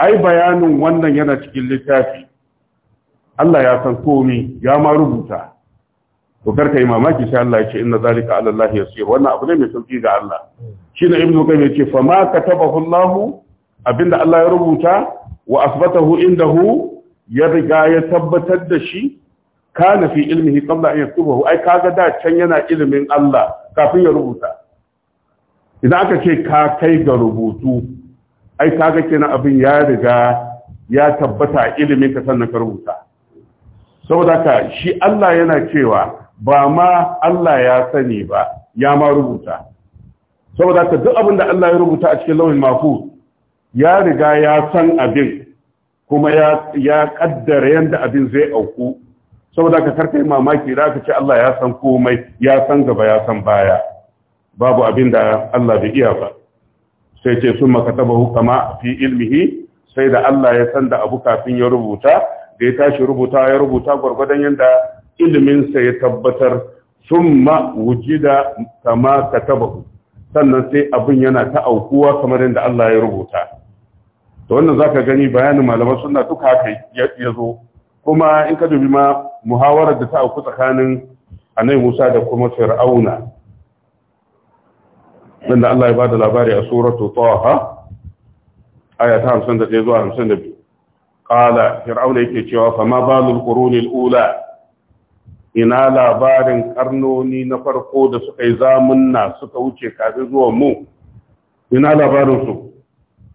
ai bayanin wannan yana cikin littafi Allah ya san komi ya ma rubuta to karka yi mamaki sai Allah ya ce inna zalika ala Allah yasir wannan abu ne mai sauki ga Allah shine ibnu qayyim ya ce fa ma katabahu Allah abinda Allah ya rubuta wa asbatahu indahu ya riga ya tabbatar da shi kana fi ilmihi qabla an yaktubahu ai kaga da can yana ilimin Allah kafin ya rubuta idan aka ce ka kai ga rubutu ai kaga kenan abin ya riga ya tabbata ilimin ka sannan ka rubuta saboda ka shi Allah yana cewa ba ma Allah ya sani ba ya ma rubuta saboda ka duk abin da Allah ya rubuta a cikin lauhin mafu ya riga ya san abin kuma ya ya kaddara yanda abin zai auku saboda ka karkai mamaki da ka ce Allah ya san komai ya san gaba ya san baya babu abin da Allah bai iya ba sai ce sun makatabahu kama fi ilmihi sai da Allah ya san da abu kafin ya rubuta da ya tashi rubuta ya rubuta gwargwadon yadda iliminsa ya tabbatar wuji da kama katabahu sannan sai abin yana ta aukuwa kamar yadda Allah ya rubuta Da wannan za ka gani bayanin malaman suna duka haka ya zo kuma in ka dubi ma muhawarar da ta auku tsakanin annabi Musa da kuma Fir'auna wanda Allah ya ba da labari a suratu Taha aya ta 51 zuwa 52 qala fir'auna yake cewa fa ma balul qurunil ula ina labarin karnoni na farko da suka yi zamunna suka wuce kafin zuwa mu ina labarin su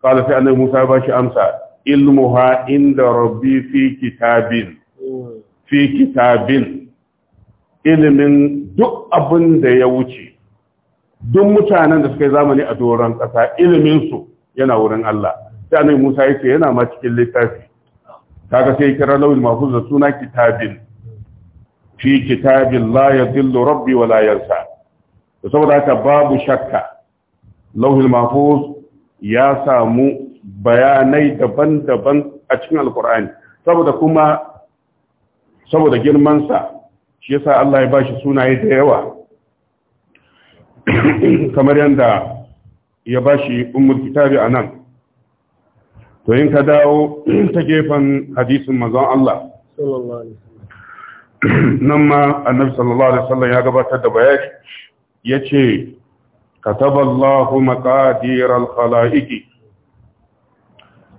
Kala sai annabi Musa ya bashi amsa ilmuha inda rabbi fi kitabin fi kitabin ilimin duk abin da ya wuce duk mutanen da suka yi zamani a doron ƙasa iliminsu yana wurin Allah sai annabi Musa yake yana ma cikin littafi kaga sai kira lawil mahfuz da suna kitabin fi kitabin la rabbi wa la yansa saboda haka babu shakka lawil mahfuz ya samu bayanai daban-daban a cikin alkur'ani saboda kuma saboda girmansa shi yasa Allah ya bashi sunaye da yawa kamar yadda ya bashi ummul kitabi anan to ka dawo ta gefen hadisin mazan Allah nan ma annabi sallallahu alaihi wasallam ya gabatar da bayani yace kataballahu maqadir al-khalaiqi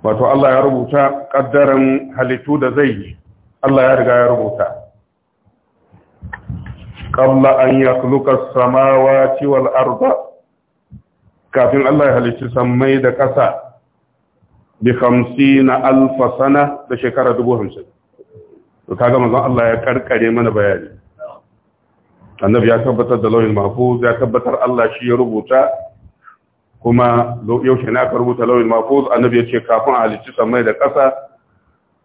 wato Allah ya rubuta kaddaran halittu da zai yi Allah ya riga ya rubuta qabla an yakhluqa as-samawati wal arda kafin Allah ya halicci sammai da ƙasa bi 50 alf da shekara 50 to gama manzon Allah ya karkare mana bayani annabi ya tabbatar da lauhin mahfuz ya tabbatar Allah shi ya rubuta kuma yaushe na aka rubuta lauyan mahfuz annabi ya ce kafin a halicci samai da ƙasa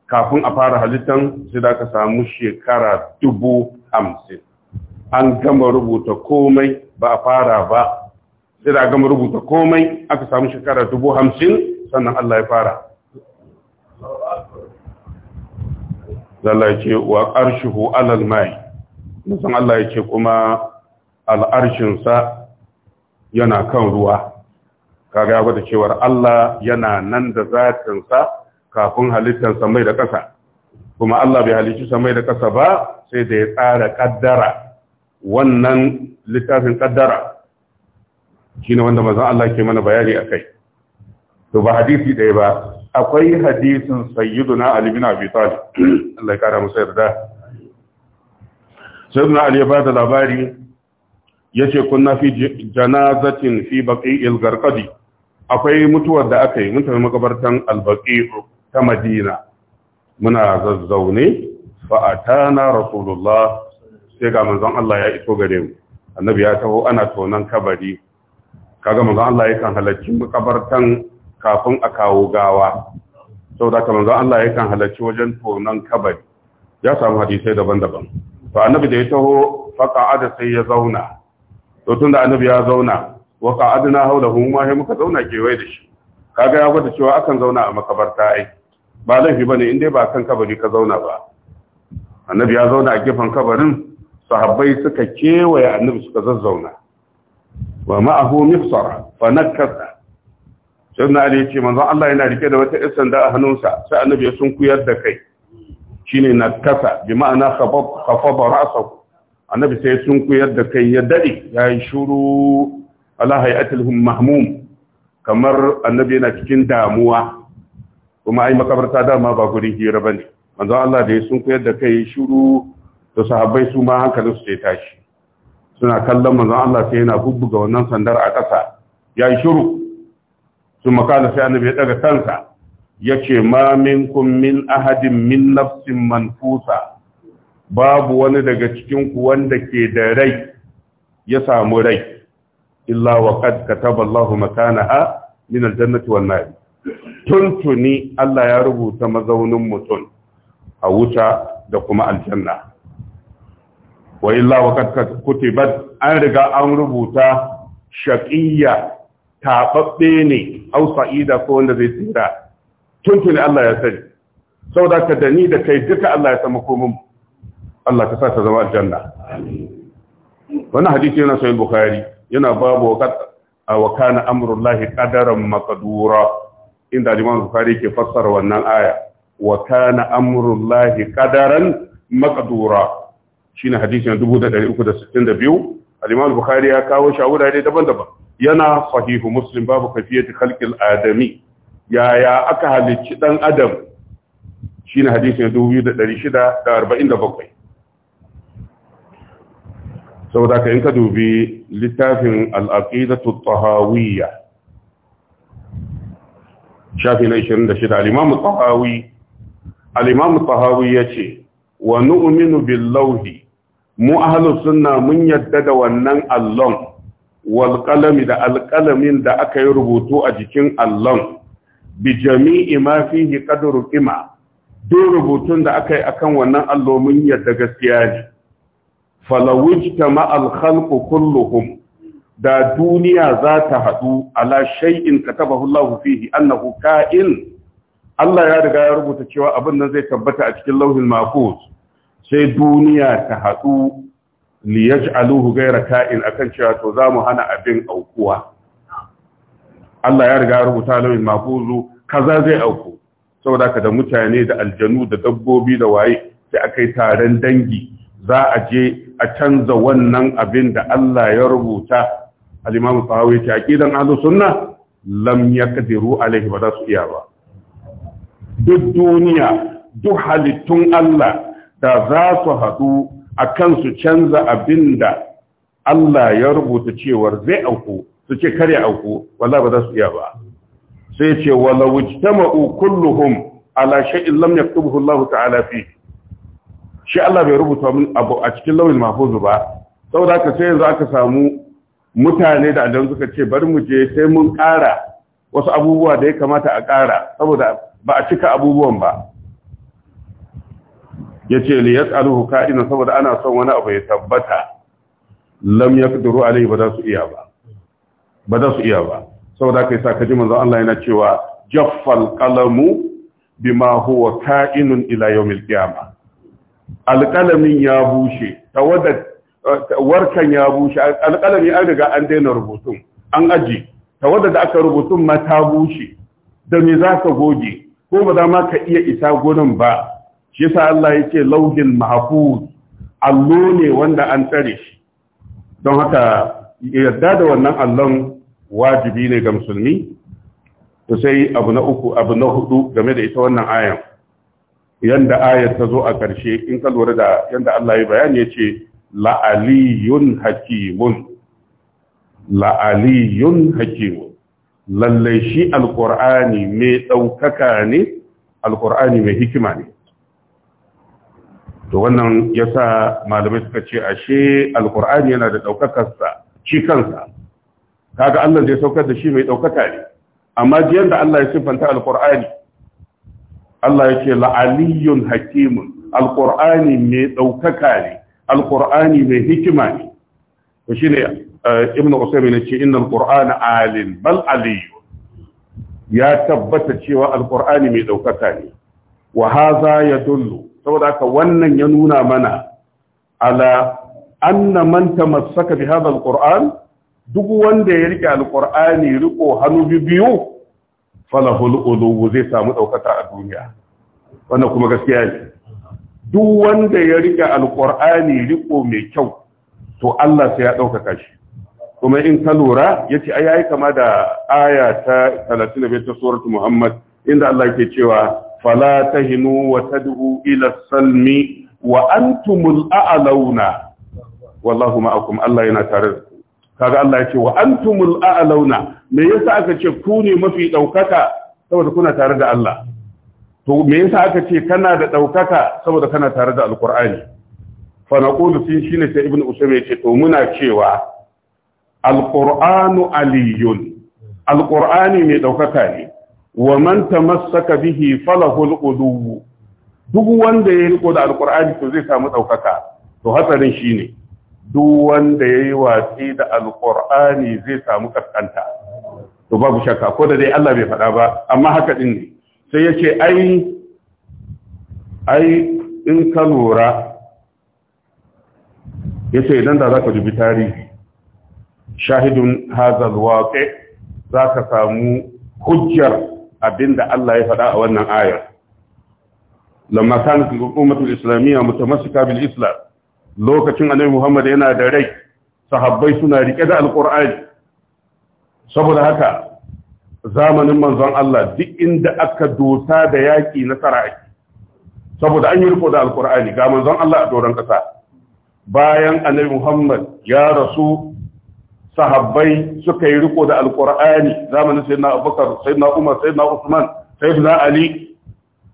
kafin a fara halittan sai da aka samu shekara dubu hamsin an gama rubuta komai ba a fara ba sai da gama rubuta komai aka samu shekara dubu hamsin sannan Allah ya fara Allah ya ce wa hu alal mai nisan Allah ya ce kuma al'arshinsa yana kan ruwa kaga ya da cewar Allah yana nan da zatinsa kafin halittarsa mai da ƙasa kuma Allah bai halicci mai da ƙasa ba sai da ya tsara ƙaddara wannan littafin ƙaddara shi ne wanda mazan Allah ke mana bayani a kai to ba hadisi ɗaya ba akwai hadisin sayyiduna ali bin abi talib Allah ya kara masa yarda sayyiduna ali ba da labari yace kunna fi janazatin fi al garqadi akwai mutuwar da aka yi mun tafi makabartan ta madina muna zazzaune fa atana rasulullah sai ga manzon Allah ya iso gare mu annabi ya taho ana tonan kabari kaga manzon Allah ya kan halarci makabartan kafin a kawo gawa saboda kamar zan Allah yakan halarci wajen tonon kabari ya samu hadisai daban-daban to annabi da ya taho faqa'ada sai ya zauna to tunda annabi ya zauna wa hau da ma sai muka zauna kewaye da shi kaga ya gwada cewa akan zauna a makabarta ai ba laifi bane in dai ba kan kabari ka zauna ba annabi ya zauna a gefen kabarin sahabbai suka kewaye annabi suka zazzauna wa ma'ahu mifsara fa nakasa sai na ya ce manzon Allah yana rike da wata 'yan sanda a hannunsa sai annabi ya sunkuyar da kai shine na kasa bi ma'ana khafada ra'sahu annabi sai sunkuyar da kai ya dade yayi shuru ala hay'atil mahmum kamar annabi yana cikin damuwa kuma ai makabarta dama ba gurin hira bane manzon Allah da ya sunkuyar da kai shuru da sahabbai su ma hankalinsu sai tashi suna kallon manzon Allah sai yana bubbuga wannan sandar a ya yayi shuru sun makana sai annabi ya daga kansa ya ce ma minkum min ahadin min nafsin manfusa babu wani daga cikinku wanda ke da rai ya samu rai illa wa kataba Allahu makanaha min aljannati wan nar tuntuni Allah ya rubuta mazaunin mutum a wuta da kuma aljanna wa illa wa kutibat an riga an rubuta shaqiyya tababbe ne au sa'ida ko wanda zai tsira tuntuni Allah ya sani Sau da ka da ni da kai duka Allah ya san makomin Allah ka sa ta zama aljanna Wani hadisi yana sahih bukhari yana babu waqt wa kana amrullahi qadaran maqdura inda Imam Bukhari ke fassara wannan aya wa kana amrullahi qadaran maqdura shine hadisin 1362 al-Imam Bukhari ya kawo shi a daban-daban yana sahihu muslim babu kafiyati khalqil adami yaya aka halicci dan adam shine hadisin 2647 saboda ka in ka dubi littafin al'aqidatu tahawiyya shafi na 26 al-imam tahawi al-imam tahawi yace wa nu'minu bil lawhi mu ahlus sunna mun yadda da wannan allon wal da alqalamin da aka yi rubutu a jikin allon bi jami'i ma fihi qadru ima duk rubutun da aka yi kan wannan allo mun yadda gaskiya ne falawujta ma al khalqu kulluhum da duniya za ta haɗu ala shay'in katabahu Allahu fihi annahu ka'in Allah ya riga ya rubuta cewa abin nan zai tabbata a cikin lauhin mahfuz sai duniya ta haɗu liyaj'aluhu ghayra ka'in akan cewa to zamu hana abin aukuwa Allah ya riga rubuta lawin mafuzu kaza zai auku saboda ka da mutane da aljanu da dabbobi da waye sai akai taron dangi za a je a canza wannan abin da Allah ya rubuta al-Imam Tahawi ce aqidan ahlus sunna lam kadiru alaihi ba za su iya ba duk duniya duk halittun Allah da za su haɗu akan su canza abin da Allah ya rubuta cewar zai auku su ce kare auku wallahi ba za su iya ba sai ce wala wujtama'u kulluhum ala shay'in lam yaktubuhu Allah ta'ala fi shi Allah bai rubuta min abu a cikin lawin mahfuz ba saboda haka sai yanzu aka samu mutane da adan suka ce bari mu je sai mun kara wasu abubuwa da ya kamata a ƙara saboda ba a cika abubuwan ba yace li yas'aluhu ka'ina saboda ana son wani abu ya tabbata lam yaqdiru alayhi ba za su iya ba ba za su iya ba saboda yi sa kaji manzon Allah yana cewa jaffal qalamu bima huwa ka'inun ila yawmil qiyamah alqalamin ya bushe tawadda warkan ya bushe alqalami an riga an daina rubutun an aji tawadda da aka rubutun ma ta bushe da me za ka goge ko ba za ma ka iya isa gurin ba shi sa Allah ya ce lauhin mahfuz allo ne wanda an tsare shi don haka yarda da wannan allon wajibi ne ga musulmi to sai abu na uku abu na hudu game da ita wannan ayan yanda ayar ta zo a ƙarshe in ka lura da yanda Allah ya bayani ya ce la'aliyun hakimun la'aliyun hakimun lallai shi alƙur'ani mai ɗaukaka ne alƙur'ani mai hikima ne to wannan ya sa malamai suka ce ashe alkur'ani yana da ɗaukakarsa shi kansa kaga Allah zai saukar da shi mai ɗaukaka ne amma jiyan da Allah ya siffanta alkur'ani Allah ya ce la'aliyun hakimun alkur'ani mai ɗaukaka ne alkur'ani mai hikima ne to shine eh, ibnu usaymin na ce innal qur'ana alin bal aliyu ya tabbata cewa alkur'ani mai ɗaukaka ne wa haza ya dullu saboda haka wannan ya nuna mana ala anna man tamassaka bi hadha alquran duk wanda ya rike alqur'ani riko hannu biyu falahul ulu zai samu daukaka a duniya wannan kuma gaskiya ne duk wanda ya rike alqur'ani riko mai kyau to Allah sai ya daukaka shi kuma in ka lura yace ai ai kama da aya ta 35 ta suratu muhammad inda Allah yake cewa fala tahinu wa tad'u ila salmi wa antumul a'launa wallahu ma'akum Allah yana tare da ku kaga Allah ce wa antumul a'launa me yasa aka ce ku ne mafi daukaka saboda kuna tare da Allah to me yasa aka ce kana da daukaka saboda kana tare da alqur'ani fa naqulu fi shine sai ibnu ya ce to muna cewa alqur'anu aliyun alqur'ani mai daukaka ne wa man tamassaka bihi al qudwu duk wanda ya riko da alqur'ani to zai samu daukaka to hatsarin shine duk wanda yayi watsi da alqur'ani zai samu kaskanta to babu shakka ko da dai Allah bai faɗa ba amma haka din ne sai yace ai ai in ka lura yace idan da zaka dubi tarihi shahidun hadha za zaka samu hujjar abinda Allah ya faɗa a wannan ayar lamma kanat al islamiyya mutamassika bil islam lokacin annabi Muhammad yana da rai sahabbai suna rike da alqur'ani saboda haka zamanin manzon Allah duk inda aka dosa da yaƙi nasara ake saboda an yi riko da alqur'ani ga manzon Allah a doron kasa bayan annabi Muhammad ya rasu sahabbai suka yi riko da alkur'ani zamanin sayyidina abubakar sayyidina umar sayyidina usman sayyidina ali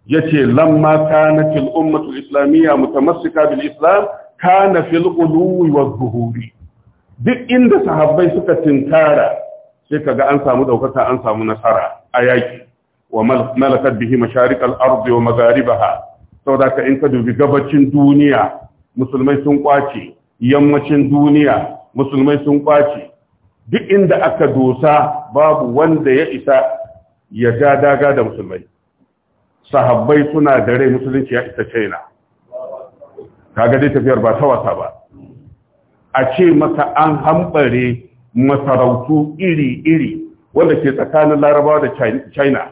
yace lamma na al-ummatu al-islamiyya mutamassika bil islam kana fil qulubi wa zuhuri. duk inda sahabbai suka tinkara sai kaga an samu daukaka an samu nasara a yaki wa malakat bihi masharik al-ardi wa magharibaha saboda ka in ka dubi gabacin duniya musulmai sun kwace yammacin duniya musulmai sun kwace duk inda aka dosa babu wanda ya isa ya ja daga da musulmai sahabbai suna da rai musulunci ya isa china kaga dai tafiyar ba ta wasa ba a ce masa an hambare masarautu iri-iri wanda ke tsakanin larabawa da china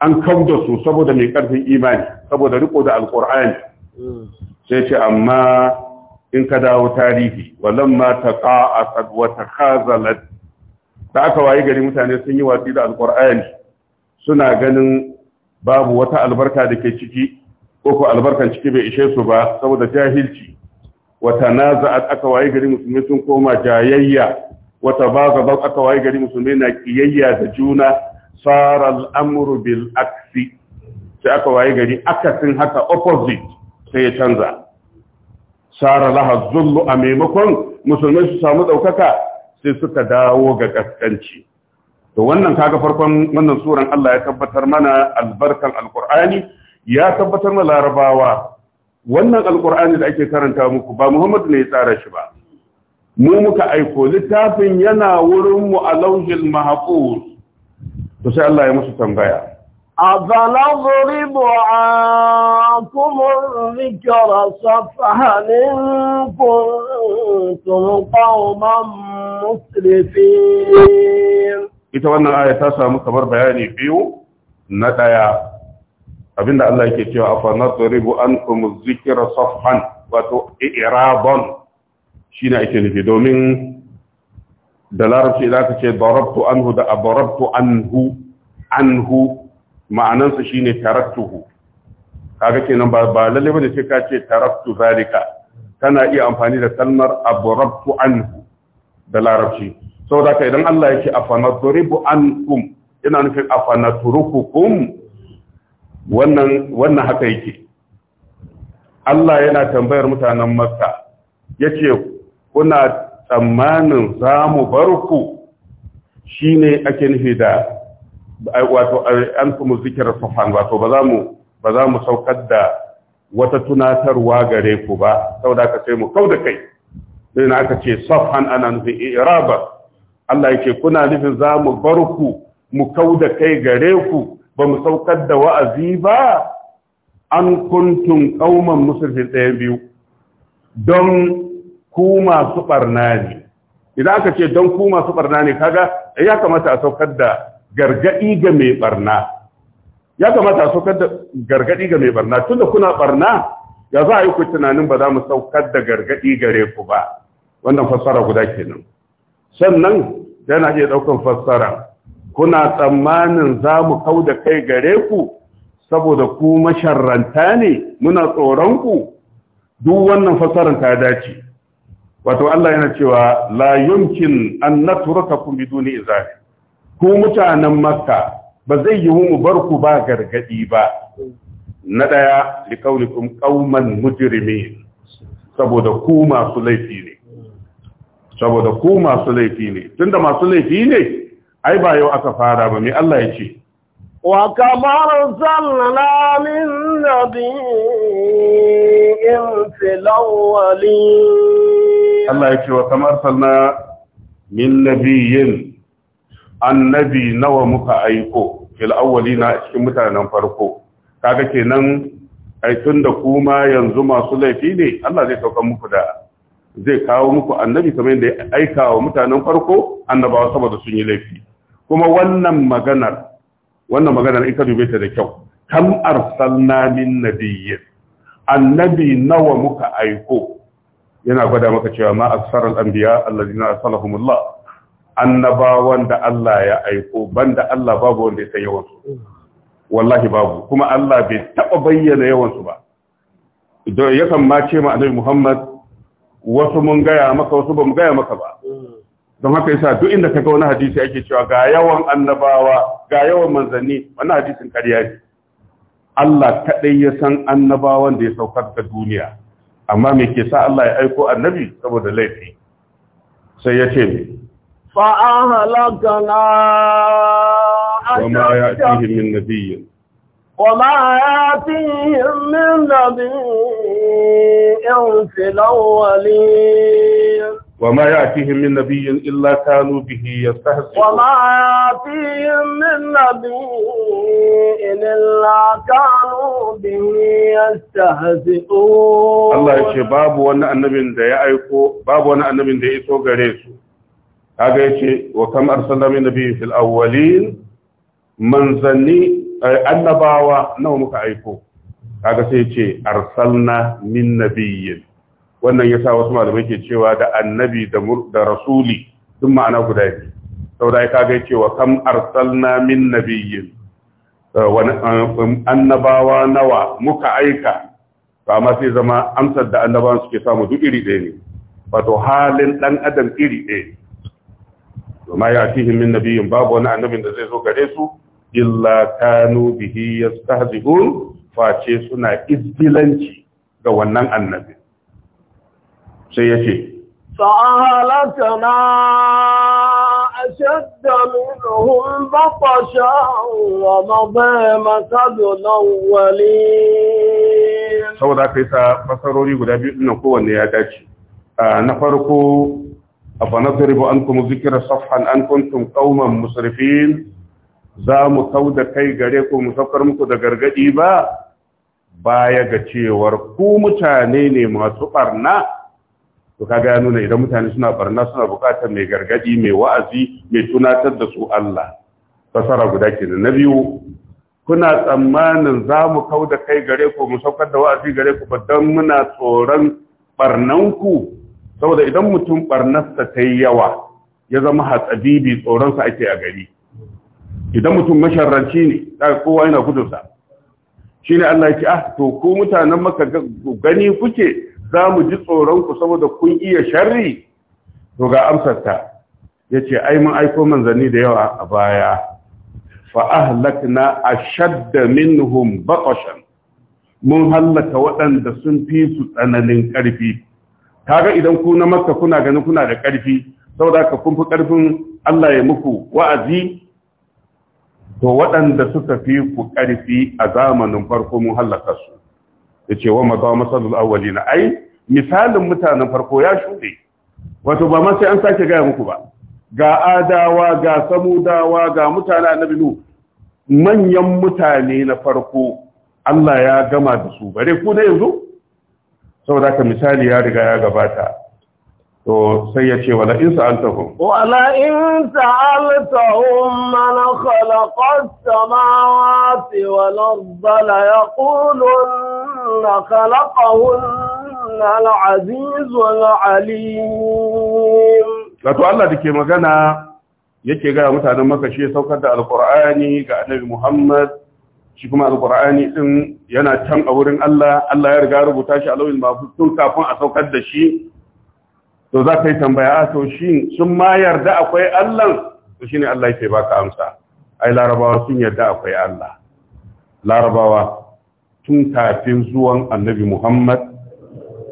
an kau da su saboda mai karfin imani saboda riko da alkur'ani mm. sai ce amma in ka dawo tarihi walamma taqa'at wa khazalat da aka waye gari mutane sun yi watsi da alqur'ani suna ganin babu wata albarka da ke ciki ko ko albarkan ciki bai ishe su ba saboda jahilci wa tanaza'at aka waye gari musulmi sun koma jayayya wa ba aka waye gari musulmi na kiyayya da juna Saral amru bil aksi sai aka waye gari akasin haka opposite sai ya canza sara laha zullu a maimakon musulmai su samu ɗaukaka sai suka dawo ga ƙasƙanci. to wannan kaga farkon wannan suran Allah ya tabbatar mana albarkan alqur'ani ya tabbatar mana larabawa wannan alqur'ani da ake karanta muku ba Muhammadu ne ya tsara shi ba mu muka aiko littafin yana wurin mu a lauhil mahfuz to sai Allah ya musu tambaya أفنضرب عنكم الذكر صفحا إن كنتم قوما مسرفين ita wannan aya ta samu kamar bayani biyu na ɗaya abinda Allah yake cewa afa nadribu ankum dhikra safhan wato i'raban shine ake nufi domin da larabci idan ka ce anhu da abarabtu anhu ma'anansa shine taraktuhu kaga kenan ba ba lalle bane sai ka ce taraktu zalika kana iya amfani da kalmar abrabtu anhu da larabci saboda ka idan Allah yake duribu ankum ina nufin turukukum wannan wannan haka yake Allah yana tambayar mutanen Makka yace kuna tsammanin za mu barku shine ake nufi da wato an kuma zikirar sufan wato ba za mu saukar da wata tunatarwa gare ku ba sau da aka sai mu kau da kai na aka ce safhan ana nufin iraba Allah yake kuna nufin za mu bar ku mu kau da kai gare ku ba mu saukar da wa'azi ba an kuntun kauman musulmin ɗaya biyu don ku masu barna ne idan aka ce don ku masu barna ne kaga ya kamata a saukar da Gargaɗi ga mai barna ya kamata saukar da gargadi ga mai barna da kuna ɓarna ya za a yi ku tunanin ba za mu saukar da gargaɗi gare ku ba wannan fassara guda kenan sannan yana iya daukan fassara kuna tsammanin za mu kau da kai gare ku saboda ku masharranta ne muna tsoronku duk wannan fassara ta dace wato Allah yana cewa la yumkin an natrukakum biduni izari ku mutanen makka ba zai yi mu bar ku ba gargadi ba na daya liqaulikum qauman mujrimin saboda ku masu laifi ne saboda ku masu laifi ne tunda masu laifi ne ai ba yau aka fara ba me Allah ya ce wa kamar zalna min nabiyyin fil awwalin Allah ya ce wa kamar salna min nabiyyin annabi nawa muka aiko fil awwalina cikin mutanen farko kaga kenan ai tunda kuma yanzu masu laifi ne Allah zai saukar muku da zai kawo muku annabi kamar yadda ya aika wa mutanen farko annabawa saboda sun yi laifi kuma wannan maganar wannan maganar in ka dube ta da kyau kam arsalna min nabiyyin annabi nawa muka aiko yana gwada maka cewa ma aksaral anbiya allazina asalahumullah annabawan da Allah ya aiko banda Allah babu wanda ya san yawansu wallahi babu kuma Allah bai taba bayyana yawansu ba ya yakan ma ce ma annabi Muhammad wasu mun gaya maka wasu ba mu gaya maka ba don haka yasa duk inda ka ga wani hadisi ake cewa ga yawan annabawa ga yawan manzanni wannan hadisin ƙarya ne Allah kadai ya san annabawan da ya saukar da duniya amma me ke sa Allah ya aiko annabi saboda laifi sai ya ce me فأهلكنا وما يأتيهم من نبي وما يأتيهم من نبي في الأولين وما يأتيهم من نبي إلا كانوا به يستهزئون وما يأتيهم من نبي إلا كانوا به يستهزئون الله يشي باب وانا النبي ده يأيكو باب وانا النبي ده يسو غريسو kaga ce, wa kam arsalna min nabiyyin fil awwalin manzanni eh, annabawa nawa muka aiko kaga sai yace arsalna min nabiyyin wannan yasa wasu malamai ke cewa da annabi da rasuli duk ma'ana guda ne saboda ai kaga ce wa kam arsalna min nabiyyin eh, eh, annabawa nawa muka aika to amma sai zama amsar da annabawan suke samu duk iri ɗaya ne wato halin dan adam iri ɗaya ma ya atihim min nabiyyin babu wani annabin da zai zo gare su illa kanu bihi yastahzi'un face suna izbilanci ga wannan annabi sai yace فأهلكنا أشد منهم ma ومضى مسد الأولين saboda kai sa fasarori guda biyu ɗin kowanne ya dace na farko أفنضرب أنكم ذكر صفحا أن كنتم قوما مصرفين za mu كي da kai gare ku mu saukar da gargadi ba baya ga cewar ku mutane ne masu barna to ya nuna idan mutane suna barna suna bukatar mai gargadi mai wa'azi mai tunatar da su Allah fasara guda ke na biyu kuna tsammanin za mu kau da kai gare ku mu saukar da wa'azi gare ku ba don muna tsoron barnanku saboda idan mutum barnasta ta yi yawa ya zama hatsabibi tsoronsa ake a gari idan mutum masharranci ne daga kowa yana gudunsa shi ne Allah ya ah to ku mutanen maka gani kuke za mu ji tsoronku saboda kun iya sharri to ga amsarta ya ce ai mun aiko manzanni da yawa a baya fa ahlakna ashadda minhum batashan mun hallaka waɗanda sun fi su tsananin ƙarfi kaga idan ku na makka kuna ganin kuna da ƙarfi saboda ka kun fi ƙarfin Allah ya muku wa'azi to waɗanda suka fi ku ƙarfi a zamanin farko mun hallaka su yace wa maza masalul awwalina ai misalin mutanen farko ya shuɗe wato ba ma sai an sake gaya muku ba ga adawa ga samudawa ga mutane annabi nu manyan mutane na farko Allah ya gama da su bare ku da yanzu saboda ka misali ya riga ya gabata to sai ya ce wala in sa'altahum wala in sa'altahum man khalaqa as-samawati wal arda la yaquluna khalaqahunna al-aziz wal alim wato Allah dake magana yake ga mutanen maka shi saukar da alqur'ani ga annabi Muhammad shi kuma alqur'ani din yana can a wurin Allah Allah ya riga rubuta shi a lawil mahfuz tun kafin a saukar da shi to za ka yi tambaya a ah, to shin sun ma yarda akwai Allah to shine Allah yake baka amsa ai larabawa sun yarda akwai Allah larabawa tun kafin zuwan annabi Muhammad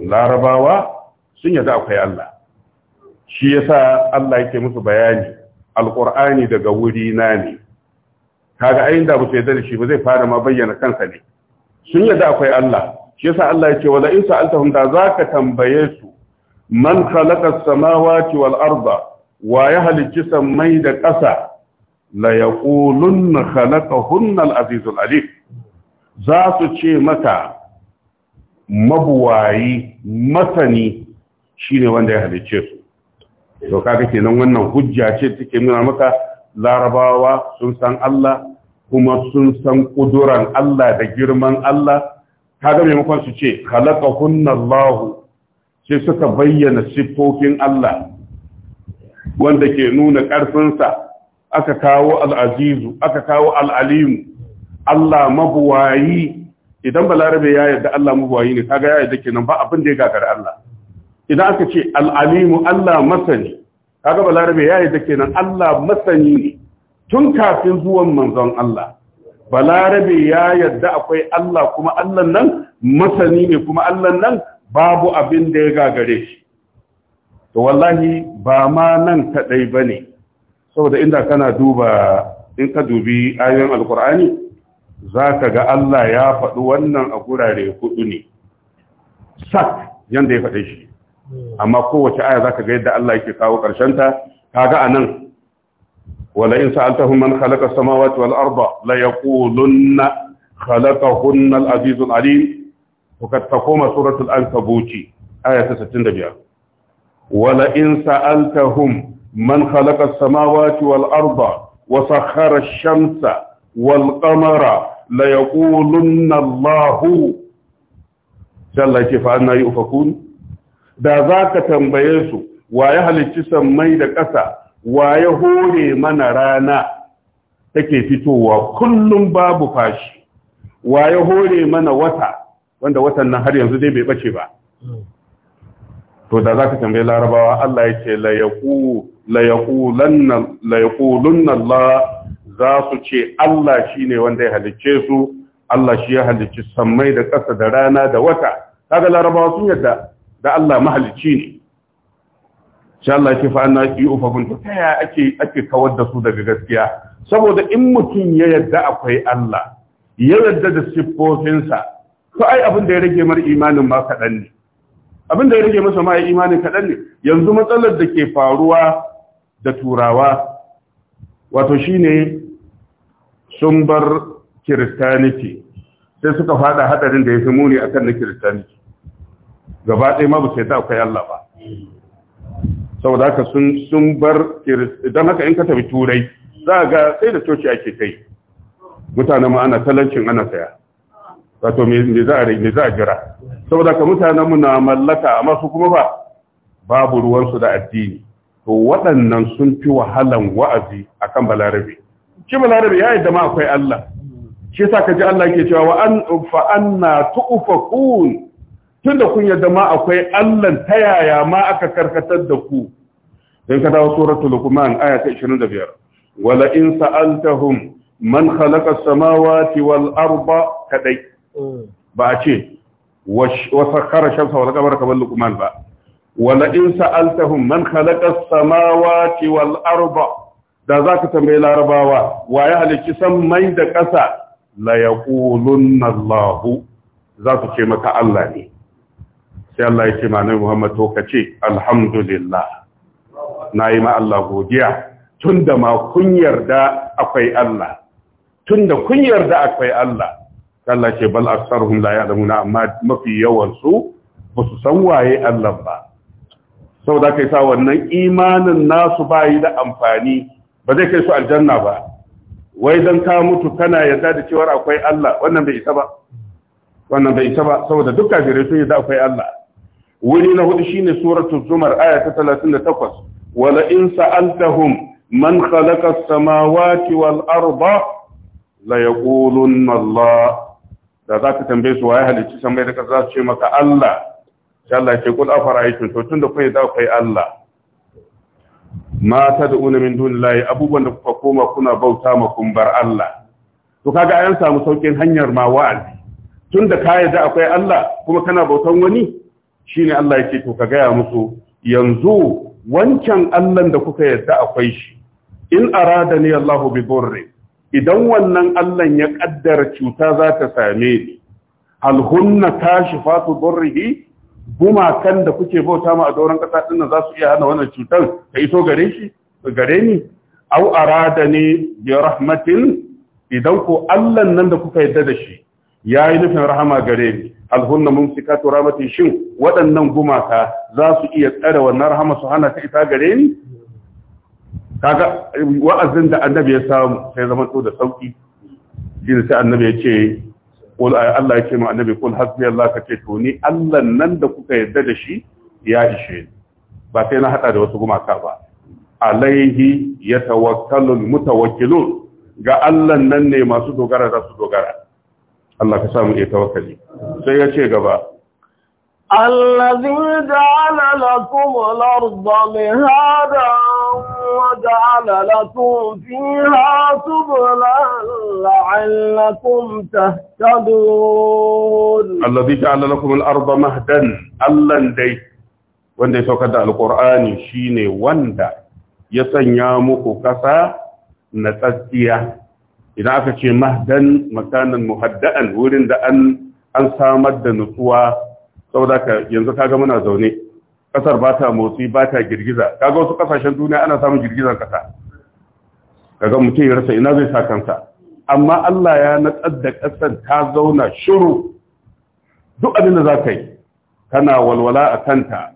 larabawa sun yarda akwai Allah shi yasa Allah yake musu bayani alqur'ani daga wuri na ne kaga ayin da ba su da shi ba zai fara ma bayyana kansa ne sun yarda akwai Allah shi yasa Allah ya ce wa in sa'altahum da zaka tambaye su man khalaqa as-samawati wal arda wa ya halicci sammai da ƙasa la yaqulunna khalaqahunna al-azizul alim za su ce mata mabuwayi masani shine wanda ya halicce su to kaga kenan wannan hujja ce take nuna maka larabawa sun san Allah kuma sun san ƙuduran Allah da girman Allah kaga maimakon su ce kalaka Allah sai suka bayyana siffofin Allah wanda ke nuna ƙarfinsa aka kawo al'azizu aka kawo al'alimu Allah mabuwayi idan ba Larabe ya yarda Allah mabuwayi ne kaga ya yarda kenan ba abin da ya gagara Allah idan aka ce al'alimu Allah masani kaga balarabe ya yi da kenan Allah masani ne tun kafin zuwan manzon Allah balarabe ya yadda akwai Allah kuma Allah nan masani ne kuma Allah nan babu abin da ya gagare shi to wallahi ba ma nan kadai bane saboda inda kana duba in ka dubi ayoyin alkur'ani zaka ga Allah ya faɗi wannan a gurare hudu ne sak yanda ya faɗe shi amma kowace aya zaka ga yadda Allah yake kawo karshen ta kaga anan wala in sa'altahum man khalaqa samawati wal arda la yaqulunna khalaqahunna al aziz al alim fakat taquma suratul ankabut aya ta 65 wala in sa'altahum man khalaqa samawati wal arda wa sakhara ash-shamsa wal qamara la yaqulunna Allahu jalla fa anna yufakun da za ka tambaye su wa ya halicci sammai da ƙasa wa hore mana rana take fitowa kullum babu fashi waye hore mana wata wanda watan nan har yanzu dai bai bace ba to da za ka tambaye larabawa Allah ya ce layakulunna Allah za su ce Allah shi ne wanda ya halicce su Allah shi ya halicci sammai da ƙasa da rana da wata kaga larabawa sun yadda da Allah mahalicci ne sha Allah ce fa anna yu'fakun ta taya ake ake kawar da su daga gaskiya saboda in mutum ya yadda akwai Allah ya yadda da siffofinsa to ai abin da ya rage mar imanin ma kaɗan ne abin da ya rage masa ma imanin kaɗan ne yanzu matsalar da ke faruwa da turawa wato shine sun bar kiristaniti sai suka fada hadarin da ya fi muni akan na kiristaniti gaba ɗaya ma ba su ta akwai Allah ba saboda haka sun sun bar idan haka in ka tafi turai za ga sai da coci ake kai mutanen ma ana talancin ana saya wato me za a me za a jira saboda ka mutanen mu na mallaka amma su kuma ba babu ruwan da addini to waɗannan sun fi wahalan wa'azi akan balarabe shi balarabe ya yadda ma akwai Allah shi ka ji Allah yake cewa wa an fa anna tu'fakun tun da kun yadda ma akwai Allah ta yaya ma aka karkatar da ku don ka dawo suratul luqman aya ta 25 wala in sa'altahum man khalaqa as-samawati wal arda kadai ba a ce wa sakhara shamsa wal qamara kamar luqman ba wala in sa'altahum man khalaqa as-samawati wal arda da zaka tambaye larabawa Waye ya halicci sammai da ƙasa la yaqulunna Allahu za su ce maka Allah ne sai Allah ya ce ma nai Muhammad to ka ce alhamdulillah na yi ma Allah godiya tun da ma kun yarda akwai Allah tun da kun yarda akwai Allah Allah ce bal aksarhum la ya'lamuna amma mafi yawan su ba su san waye Allah ba saboda kai sa wannan imanin nasu bayi da amfani ba zai kai su aljanna ba wai dan ka mutu kana yarda da cewa akwai Allah wannan bai isa ba wannan bai isa ba saboda duk kafirai sun yarda akwai Allah wuri na hudu shine suratul zumar aya ta 38 wala in sa'altahum man khalaqa as-samawati wal arda la yaqulunna Allah da zaka tambaye su waye halicci san da kaza su ce maka Allah sai Allah ce kul afara'aytum to tunda kai da kai Allah ma tad'una min dunillahi abubuwan da kuka koma kuna bauta ma kun bar Allah to kaga an samu saukin hanyar ma wa'azi tunda ka yarda akwai Allah kuma kana bautan wani Shi ne Allah yake to ka gaya musu yanzu wancan Allahn da kuka yarda akwai shi in arada ni Allahu bi burri idan wannan Allahn ya kaddara cuta za ta same ni al hunna kashifatu burrihi kan da kuke bauta ma a doron kasa din nan za su iya hana wannan cutar Ka iso gare shi gare ni au arada ni bi rahmatin idan ko Allahn nan da kuka yarda da shi yayi nufin rahama gare ni alhunna mumsikatu rahmatin shin waɗannan gumaka za su iya tsara wannan rahama su hana ta ita gare ni kaga wa'azin da annabi ya samu sai zama to da sauki shi sai annabi ya ce qul Allah ya ce ma annabi qul hasbi Allah kace to ni Allah nan da kuka yarda da shi ya ishe ni ba sai na haɗa da wasu gumaka ba alaihi yatawakkalul mutawakkilun ga Allah nan ne masu dogara da su dogara Allah ka samu iya tawakkali sai ya ce gaba الذي جعل لكم الأرض مهادا وجعل Allah فيها سبلا لعلكم تهتدون الذي جعل لكم الأرض مهدا الله dai, wanda ya saukar da alkur'ani shine wanda ya sanya muku kasa na tsatsiya idan aka ce mahdan makanan muhadda'an wurin da an an samar da nutsuwa saboda ka yanzu kaga muna zaune kasar ba ta motsi ba ta girgiza kaga wasu kasashen duniya ana samun girgizar kasa kaga mutum ya rasa ina zai sa kansa amma Allah ya natsar da kasar ta zauna shiru duk abin da za ka yi kana walwala a kanta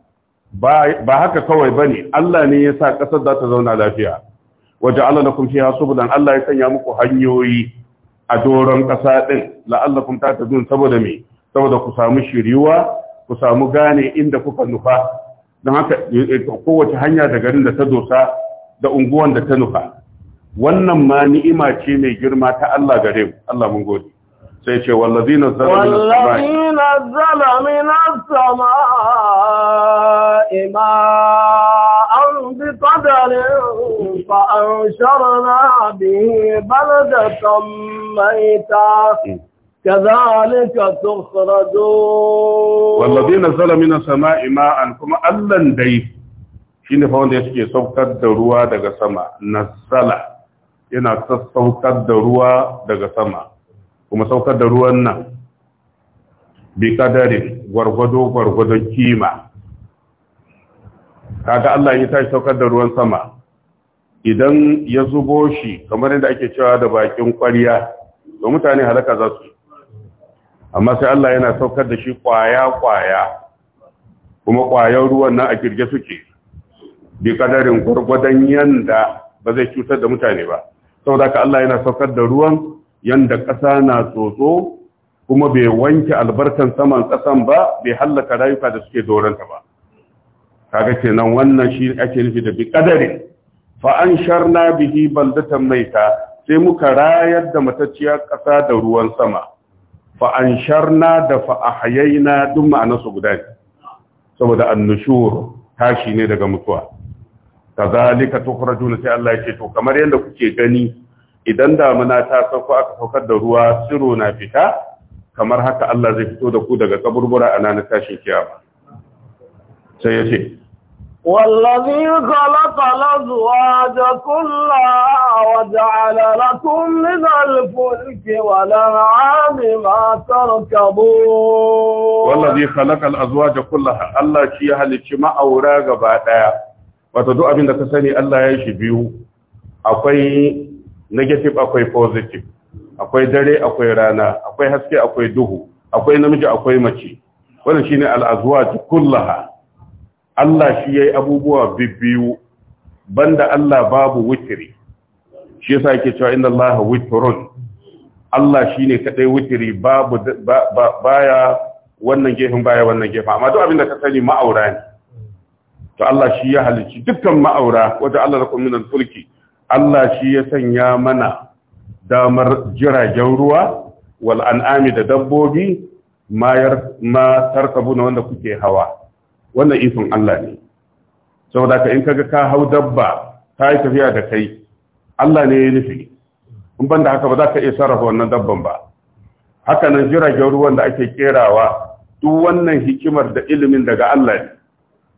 ba haka kawai bane Allah ne ya sa kasar za ta zauna lafiya waja'ala lakum fiha subulan Allah ya sanya muku hanyoyi a doron ƙasa ɗin, din la'allakum tatadun saboda me saboda ku samu shiriwa ku samu gane inda kuka nufa don haka eh, kowace hanya da garin da ta dosa da unguwan da ta nufa wannan ma ni'ima ce mai girma ta Allah gare mu Allah mun gode sai ce wallazi nazzala minas sama'i ma'an bi qadarin فأنشرنا به بلدة ميتا كذلك تخرجون والذي نزل من السماء ماء كما ألن دي shine fa wanda yake saukar da ruwa daga sama nasala yana saukar da ruwa daga sama kuma saukar da ruwan nan bi kadarin gwargwado gwargwadon kima kaga Allah ya tashi saukar da ruwan sama idan ya zubo shi kamar yadda ake cewa da bakin kwariya to mutane halaka za su amma sai Allah yana saukar da shi kwaya-kwaya kuma kwayan ruwan nan a kirge suke bi kadarin gwargwadon yanda ba zai cutar da mutane ba saboda ka Allah yana saukar da ruwan yanda ƙasa na tsotso kuma bai wanke albarkan saman ƙasan ba bai hallaka rayuka da suke doranta ba kaga kenan wannan shi ake nufi da bi kadarin fa sharna bihi baldatan maita sai muka rayar da mataciya ƙasa da ruwan sama fa sharna da fa na duk ma'anarsu guda ne saboda annushur tashi ne daga mutuwa kazalika tukhrajuna sai Allah yake to kamar yadda kuke gani idan damuna ta sauko aka saukar da ruwa tsiro na fita kamar haka Allah zai fito da ku daga kaburbura a nan tashin kiyama sai yace والذي خلق الأزواج كلها وجعل لكم من الفلك والأنعام ما تركبون والذي خلق الأزواج كلها الله شي halicci ma'aura gaba ɗaya. wato duk abinda da ka sani Allah ya shi biyu akwai negative akwai positive akwai dare akwai rana akwai haske akwai duhu akwai namiji akwai mace wannan shine al-azwaj kullaha Allah shi yayi abubuwa bibbiyu banda Allah babu wutiri, shi yasa yake cewa inda Allah witrun Allah ne kadai witri babu baya wannan gefen baya wannan gefen amma duk abinda da ka sani ma'aura ne to Allah shi ya halicci dukkan ma'aura wata Allah lakum kuma al-fulki Allah shi ya sanya mana damar jiragen ruwa wal an'ami da dabbobi ma tarkabu na wanda kuke hawa wannan ikon Allah ne saboda ka in kaga ka hau dabba ka yi tafiya da kai Allah ne ya yi nufi in ban da haka ba za ka iya sarrafa wannan dabban ba haka nan jiragen ruwan da ake kerawa duk wannan hikimar da ilimin daga Allah ne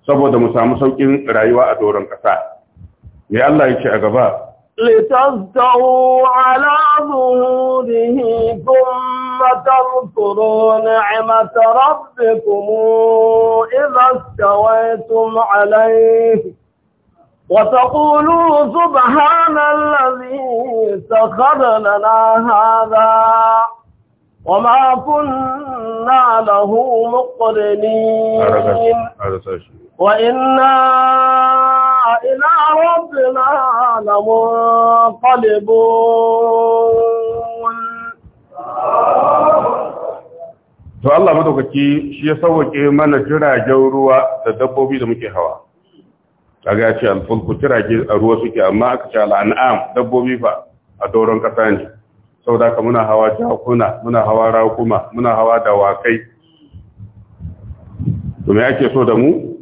saboda mu samu saukin rayuwa a doron ƙasa me Allah ya ce a gaba litazdahu ala zuhurihi ثم تذكروا نعمة ربكم إذا استويتم عليه وتقولوا سبحان الذي سخر لنا هذا وما كنا له مقرنين وإنا إلى ربنا لمنقلبون to Allah madaukaki shi ya sauke mana jiragen ruwa da dabbobi da muke hawa kaga ya ce alfulku jirage a ruwa suke amma aka ce al'an'am dabbobi fa a doron kasa ne Sauda ka muna hawa jakuna muna hawa rakuma muna hawa dawakai to me ke so da mu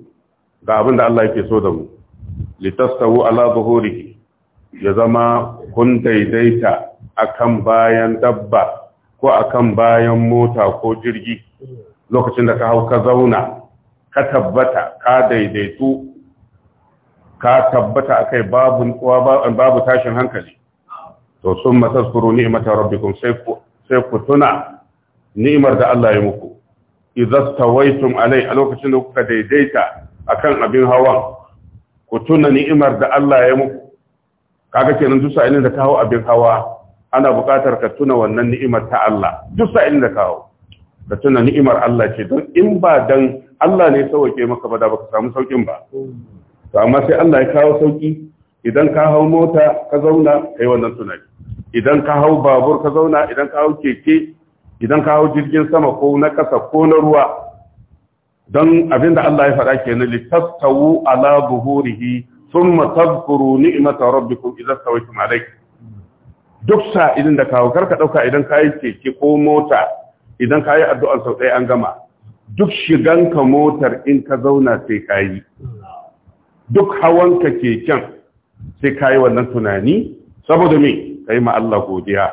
ga abin da Allah yake so da mu litastawu ala zuhurihi ya zama kun daidaita akan bayan dabba ko akan bayan mota ko jirgi lokacin da ka hau ka zauna ka tabbata ka daidaitu ka tabbata akai babu babu tashin hankali to sun mataskuru ni'imata rabbikum sai ku sai ku tuna ni'imar da Allah ya muku idza stawaitum alai a lokacin da kuka daidaita akan abin hawan ku tuna ni'imar da Allah ya muku kaga kenan duk sa'ilin da ka hau abin hawa ana buƙatar ka tuna wannan ni'imar ta Allah duk sa'in da kawo ka tuna ni'imar Allah ce don in ba dan Allah ne sauke maka ba da baka samu saukin ba to amma sai Allah ya kawo sauki idan ka hau mota ka zauna kai wannan tunani idan ka hau babur ka zauna idan ka hau keke idan ka hau jirgin sama ko na kasa ko na ruwa don abinda Allah ya faɗa kenan litastawu ala buhurihi thumma tadhkuru ni'mata rabbikum idza stawaytum alayhi duk sa idan da kawo karka dauka idan kayi keke ko mota idan kayi addu'an sau ɗaya an gama duk shiganka motar in ka zauna sai kayi duk hawanka keken sai kayi wannan tunani saboda me kai ma Allah godiya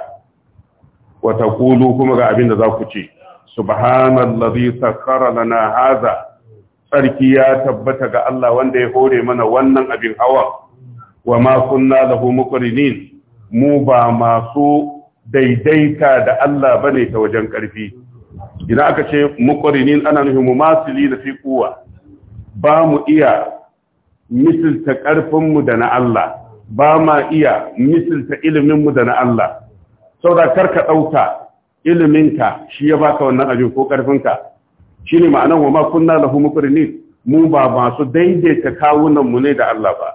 Wata Kulu kuma ga abin da za ku ce subhanallazi sakhkhara lana hadha sarki ya tabbata ga Allah wanda ya hore mana wannan abin hawa wa ma kunna lahu muqrinin mu ba masu daidaita da Allah bane ta wajen ƙarfi idan aka ce muqarrinin ana nufin mumasili da fi kuwa ba mu iya misilta ƙarfinmu da na Allah ba ma iya misilta iliminmu da na Allah saboda karka ɗauka iliminka shi ya baka wannan abin ko ƙarfinka shi ne ma'anar wa ma da lahu muqrinin mu ba masu daidaita kawunanmu ne da Allah ba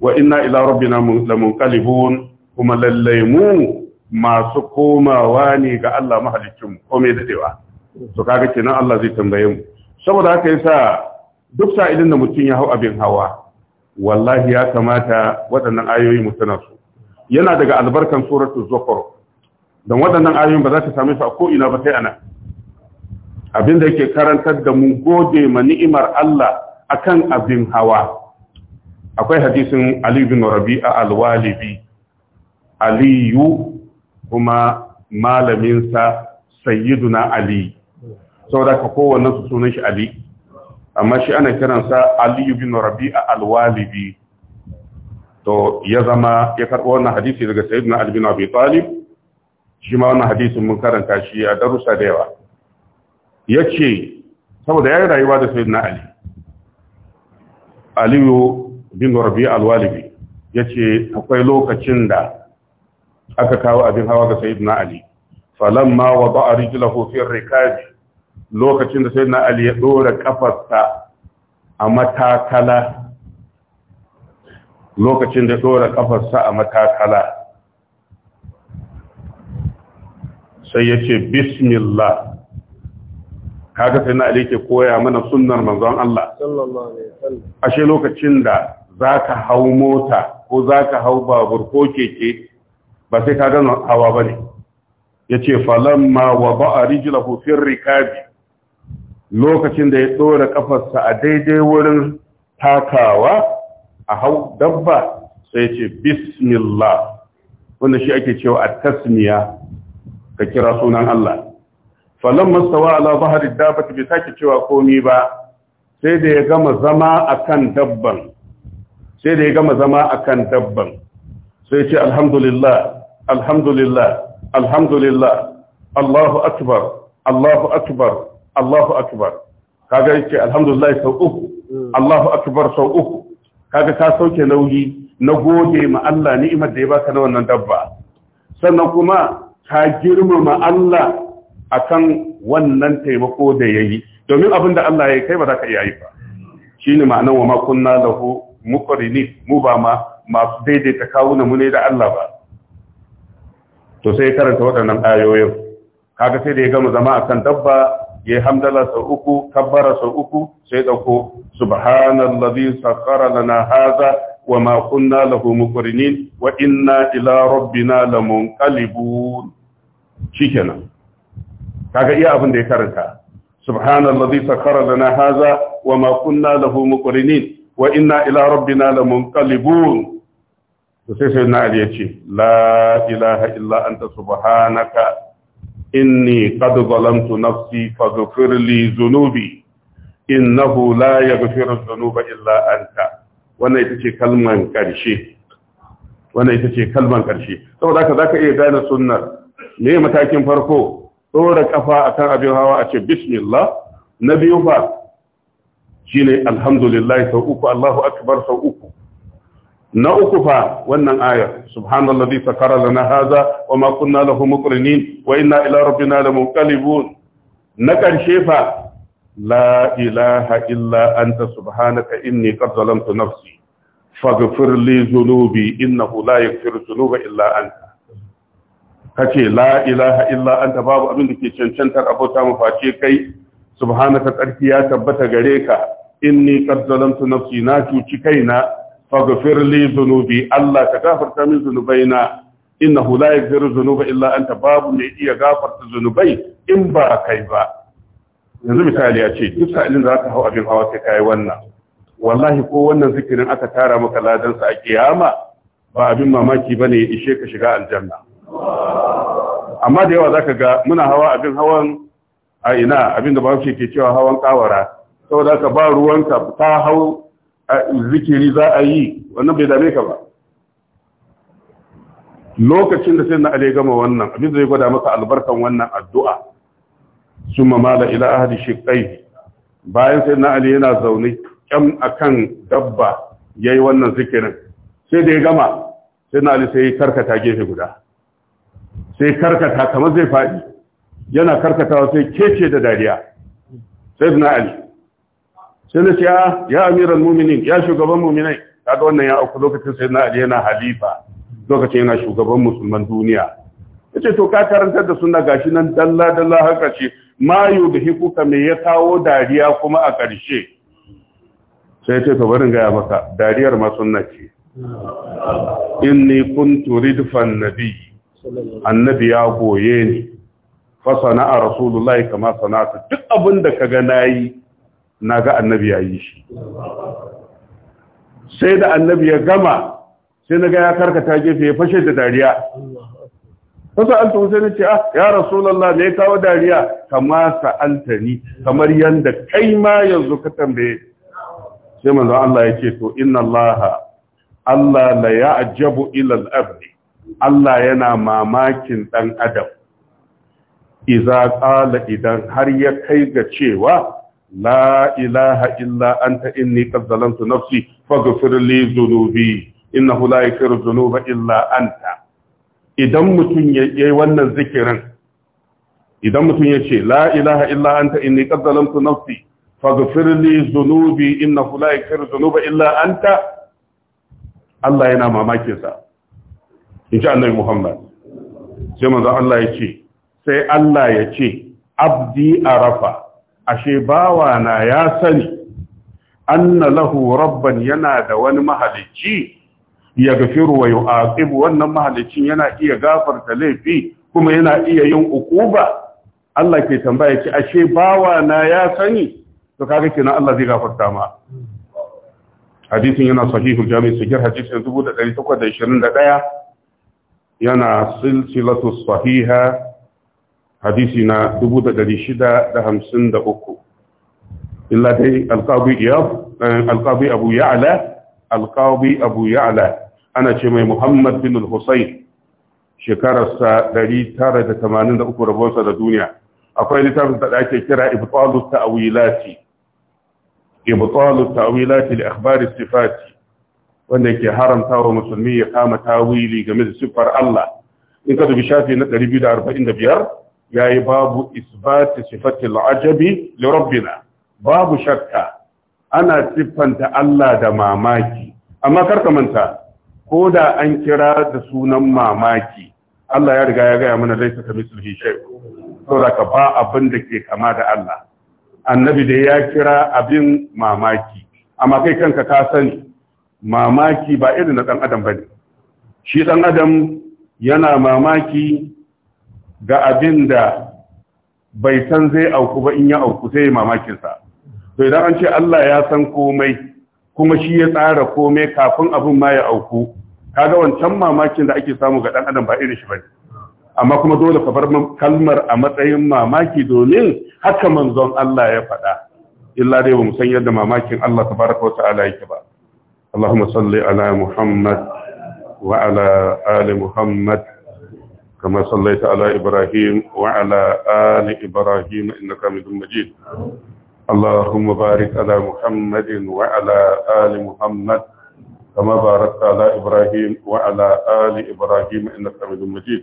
wa inna ila rabbina lamunqalibun kuma lallai mu masu komawa ne ga Allah mahaliccin komai dadewa to kaga kenan Allah zai tambaye mu saboda haka sa duk sa'ilin da mutum ya hau abin hawa wallahi ya kamata waɗannan ayoyi mutuna su yana daga albarkan suratu zukhruf dan waɗannan ayoyin ba za ka same su a ko ina ba sai ana abin da yake karantar da mu gode ma ni'imar Allah akan abin hawa akwai hadisin Ali bin Rabi'a al-Walibi aliyu kuma malaminsa sayyiduna ali saboda ka kowane su sunan shi ali amma shi ana kiransa aliyu bin rabi a alwalibi to ya zama ya karɓo wannan hadisi daga sayyiduna ali bin abi talib shi ma wannan hadisin mun karanta shi a darussa da yawa Ya ce saboda ya yi rayuwa da sayyiduna ali aliyu bin a alwalibi ya ce akwai lokacin da aka kawo abin hawa ga na ali falamma wada'a rijlahu fi rikab lokacin da na ali ya dora kafarsa a matakala lokacin da dora kafarsa a matakala sai ya ce bismillah kaga sai na ke koya mana sunnar manzon Allah ashe lokacin da zaka hau mota ko zaka hau babur ko keke ba sai ka gano hawa ba ne ya ce falamma wa ba ba'a rijilahu hufin rikabi lokacin da ya ɗora ƙafarsa a daidai wurin takawa a hau dabba sai ce bismillah wanda shi ake cewa a tasmiya ka kira sunan Allah falamma stawa ala bahari ta bai sake cewa komi ba sai da ya gama zama akan dabban sai da ya gama zama akan dabban sai ce alhamdulillah الحمد لله Allahu akbar Allahu akbar Allahu akbar kaga yake alhamdulillah sau uku hmm. Allahu akbar sau uku kaga ka sauke nauyi na goge ma Allah ni'imar da ya baka na wannan dabba sannan kuma ka girmama Allah akan wannan taimako da yayi domin abin da Allah ya kai ba za ka iya yi ba shine ma'anar wa ma kunna lahu muqrinin mu ba ma masu daidaita kawuna mu ne da Allah ba to sai ya karanta waɗannan ayoyin kaga sai da ya gama zama akan dabba ya hamdala sau uku kabbara sau uku sai dauko subhanallazi sakhara lana haza wa ma kunna lahu muqrinin wa inna ila rabbina lamunqalibun shikenan kaga iya abin da ya karanta subhanallazi sakhara lana haza wa ma kunna lahu muqrinin wa inna ila rabbina lamunqalibun sai sai na ya ce la ilaha illa anta subhanaka inni qad zalamtu nafsi faghfir li dhunubi innahu la yaghfiru dhunuba illa anta wannan ita ce kalman karshe wannan ita ce kalman karshe saboda haka zaka iya gane sunnar me matakin farko dora kafa akan abin hawa a ce bismillah na biyu fa shine alhamdulillah sau uku Allahu akbar sau uku na uku fa wannan ayar subhanallazi sakara lana hadha wa ma kunna lahu muqrinin wa inna ila rabbina lamunqalibun na karshe fa la ilaha illa anta subhanaka inni qad zalamtu nafsi faghfir li dhunubi innahu la yaghfiru dhunuba illa anta kace la ilaha illa anta babu abin da ke cancantar abota mu face kai subhanaka tsarki ya tabbata gare ka inni qad zalamtu nafsi na cuci kaina faghfir li zunubi, Allah ta gafarta min na, ina hula yaghfiru zunuba illa anta babu mai iya gafarta zunubai in ba kai ba yanzu misali ya ce duk sa'ilin za ka hau abin hawa sai kai wannan wallahi ko wannan zikirin aka tara maka ladan sa a kiyama ba abin mamaki bane ya ishe ka shiga aljanna amma da yawa zaka ga muna hawa abin hawan a ina abin da ba ke cewa hawan kawara saboda ka ba ruwanka ta hau zikiri za a yi wannan bai dame ka ba lokacin da sai na ale gama wannan abin zai gwada maka albarkan wannan addu'a su mamala ila ahadi shiqai bayan sai na ale yana zaune a akan dabba yayi wannan zikirin sai da ya gama sai na ale sai karkata gefe guda sai karkata kamar zai faɗi. yana karkatawa sai kece da dariya sai na ale sai na ce ah, ya amiran muminin ya shugaban muminai kaga wannan ya auku lokacin sai na ali yana halifa lokacin yana shugaban musulman duniya yace to ka karantar da suna gashi nan dalla dalla haka ce ma ka me ya kawo dariya kuma a ƙarshe sai ce to barin gaya maka dariyar ma sunna ce inni kuntu ridfan nabi annabi ya goye ni fa sana'a rasulullahi kama sana'a duk abin da kaga nayi na ga annabi ya yi shi sai da annabi ya gama sai na ga ya karkata gefe ya fashe da dariya wasu an tuhu sai na ce ah ya rasulallah ne kawo dariya kama sa'alta ni kamar yadda kai ma yanzu ka tambaye sai manzon Allah ya ce to inna Allah Allah la ya'jabu ila al-abd Allah yana mamakin dan adam idza idan har ya kai ga cewa la ilaha illa anta inni qad zalamtu nafsi faghfir li dhunubi innahu la yaghfiru dhunuba illa anta idan mutum ya yi wannan zikirin idan mutum yace la ilaha illa anta inni qad zalamtu nafsi faghfir li dhunubi innahu la yaghfiru dhunuba illa anta Allah yana mamakin sa insha Allah Muhammad sai manzo Allah ya ce sai Allah ya ce abdi arafa ashe bawa na ya sani anna lahu rabban yana da wani mahalicci ya gafiru wa yu'aqibu wannan mahalicin yana iya gafarta laifi kuma yana iya yin ukuba Allah ke tambaya ki ashe bawa na ya sani to kaga kenan Allah zai gafarta ma hadisin yana sahihul jami' sahih hadisin 1821 yana silsilatu sahiha hadisi na 653 illa dai alqabi iyab eh, alqabi abu ya'la alqabi abu ya'la ana ce mai muhammad bin al-husayn shekararsa 983 rabonsa da duniya akwai littafin da ake kira ibtalu ta'wilati ibtalu ta'wilati li akhbari wanda ke haramta wa musulmi ya kama tawili game da siffar Allah in ka dubi shafi na 245 yayi babu isbati sifatil ajabi li rabbina babu shakka ana siffanta Allah da mamaki amma karka manta ko da an kira da sunan mamaki Allah ya riga ya gaya mana laisa ka mislihi shay da ka ba abin da ke kama da Allah annabi da ya kira abin mamaki amma kai kanka ka sani mamaki ba irin na dan adam bane shi dan adam yana mamaki ga abin da bai san zai auku ba in ya auku sai mamakinsa to idan an ce Allah ya san komai kuma shi ya tsara komai kafin abin ma ya auku kaga wancan mamakin da ake samu ga dan adam ba irin shi bane amma kuma dole ka bar kalmar a matsayin mamaki domin haka manzon Allah ya faɗa illa dai ba mu san yadda mamakin Allah tabaraka wa yake ba Allahumma salli ala Muhammad wa ala ali Muhammad كما صليت على إبراهيم وعلى آل إبراهيم إنك حميد مجيد اللهم بارك على محمد وعلى آل محمد كما باركت على إبراهيم وعلى آل إبراهيم إنك حميد مجيد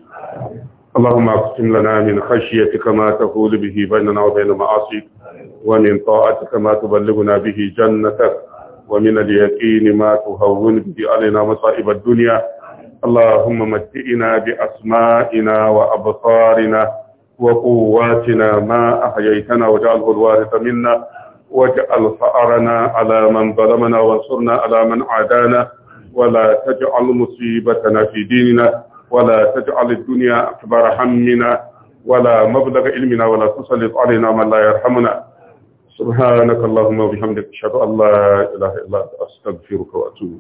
اللهم اقسم لنا من خشيتك ما تقول به بيننا وبين معاصيك ومن طاعتك ما تبلغنا به جنتك ومن اليقين ما تهون به علينا مصائب الدنيا اللهم متئنا بأسمائنا وأبصارنا وقواتنا ما أحييتنا وجعله الوارث منا واجعل فأرنا على من ظلمنا وانصرنا على من عادانا ولا تجعل مصيبتنا في ديننا ولا تجعل الدنيا أكبر همنا ولا مبلغ علمنا ولا تسلط علينا من لا يرحمنا سبحانك اللهم وبحمدك أشهد أن لا إله إلا أنت أستغفرك وأتوب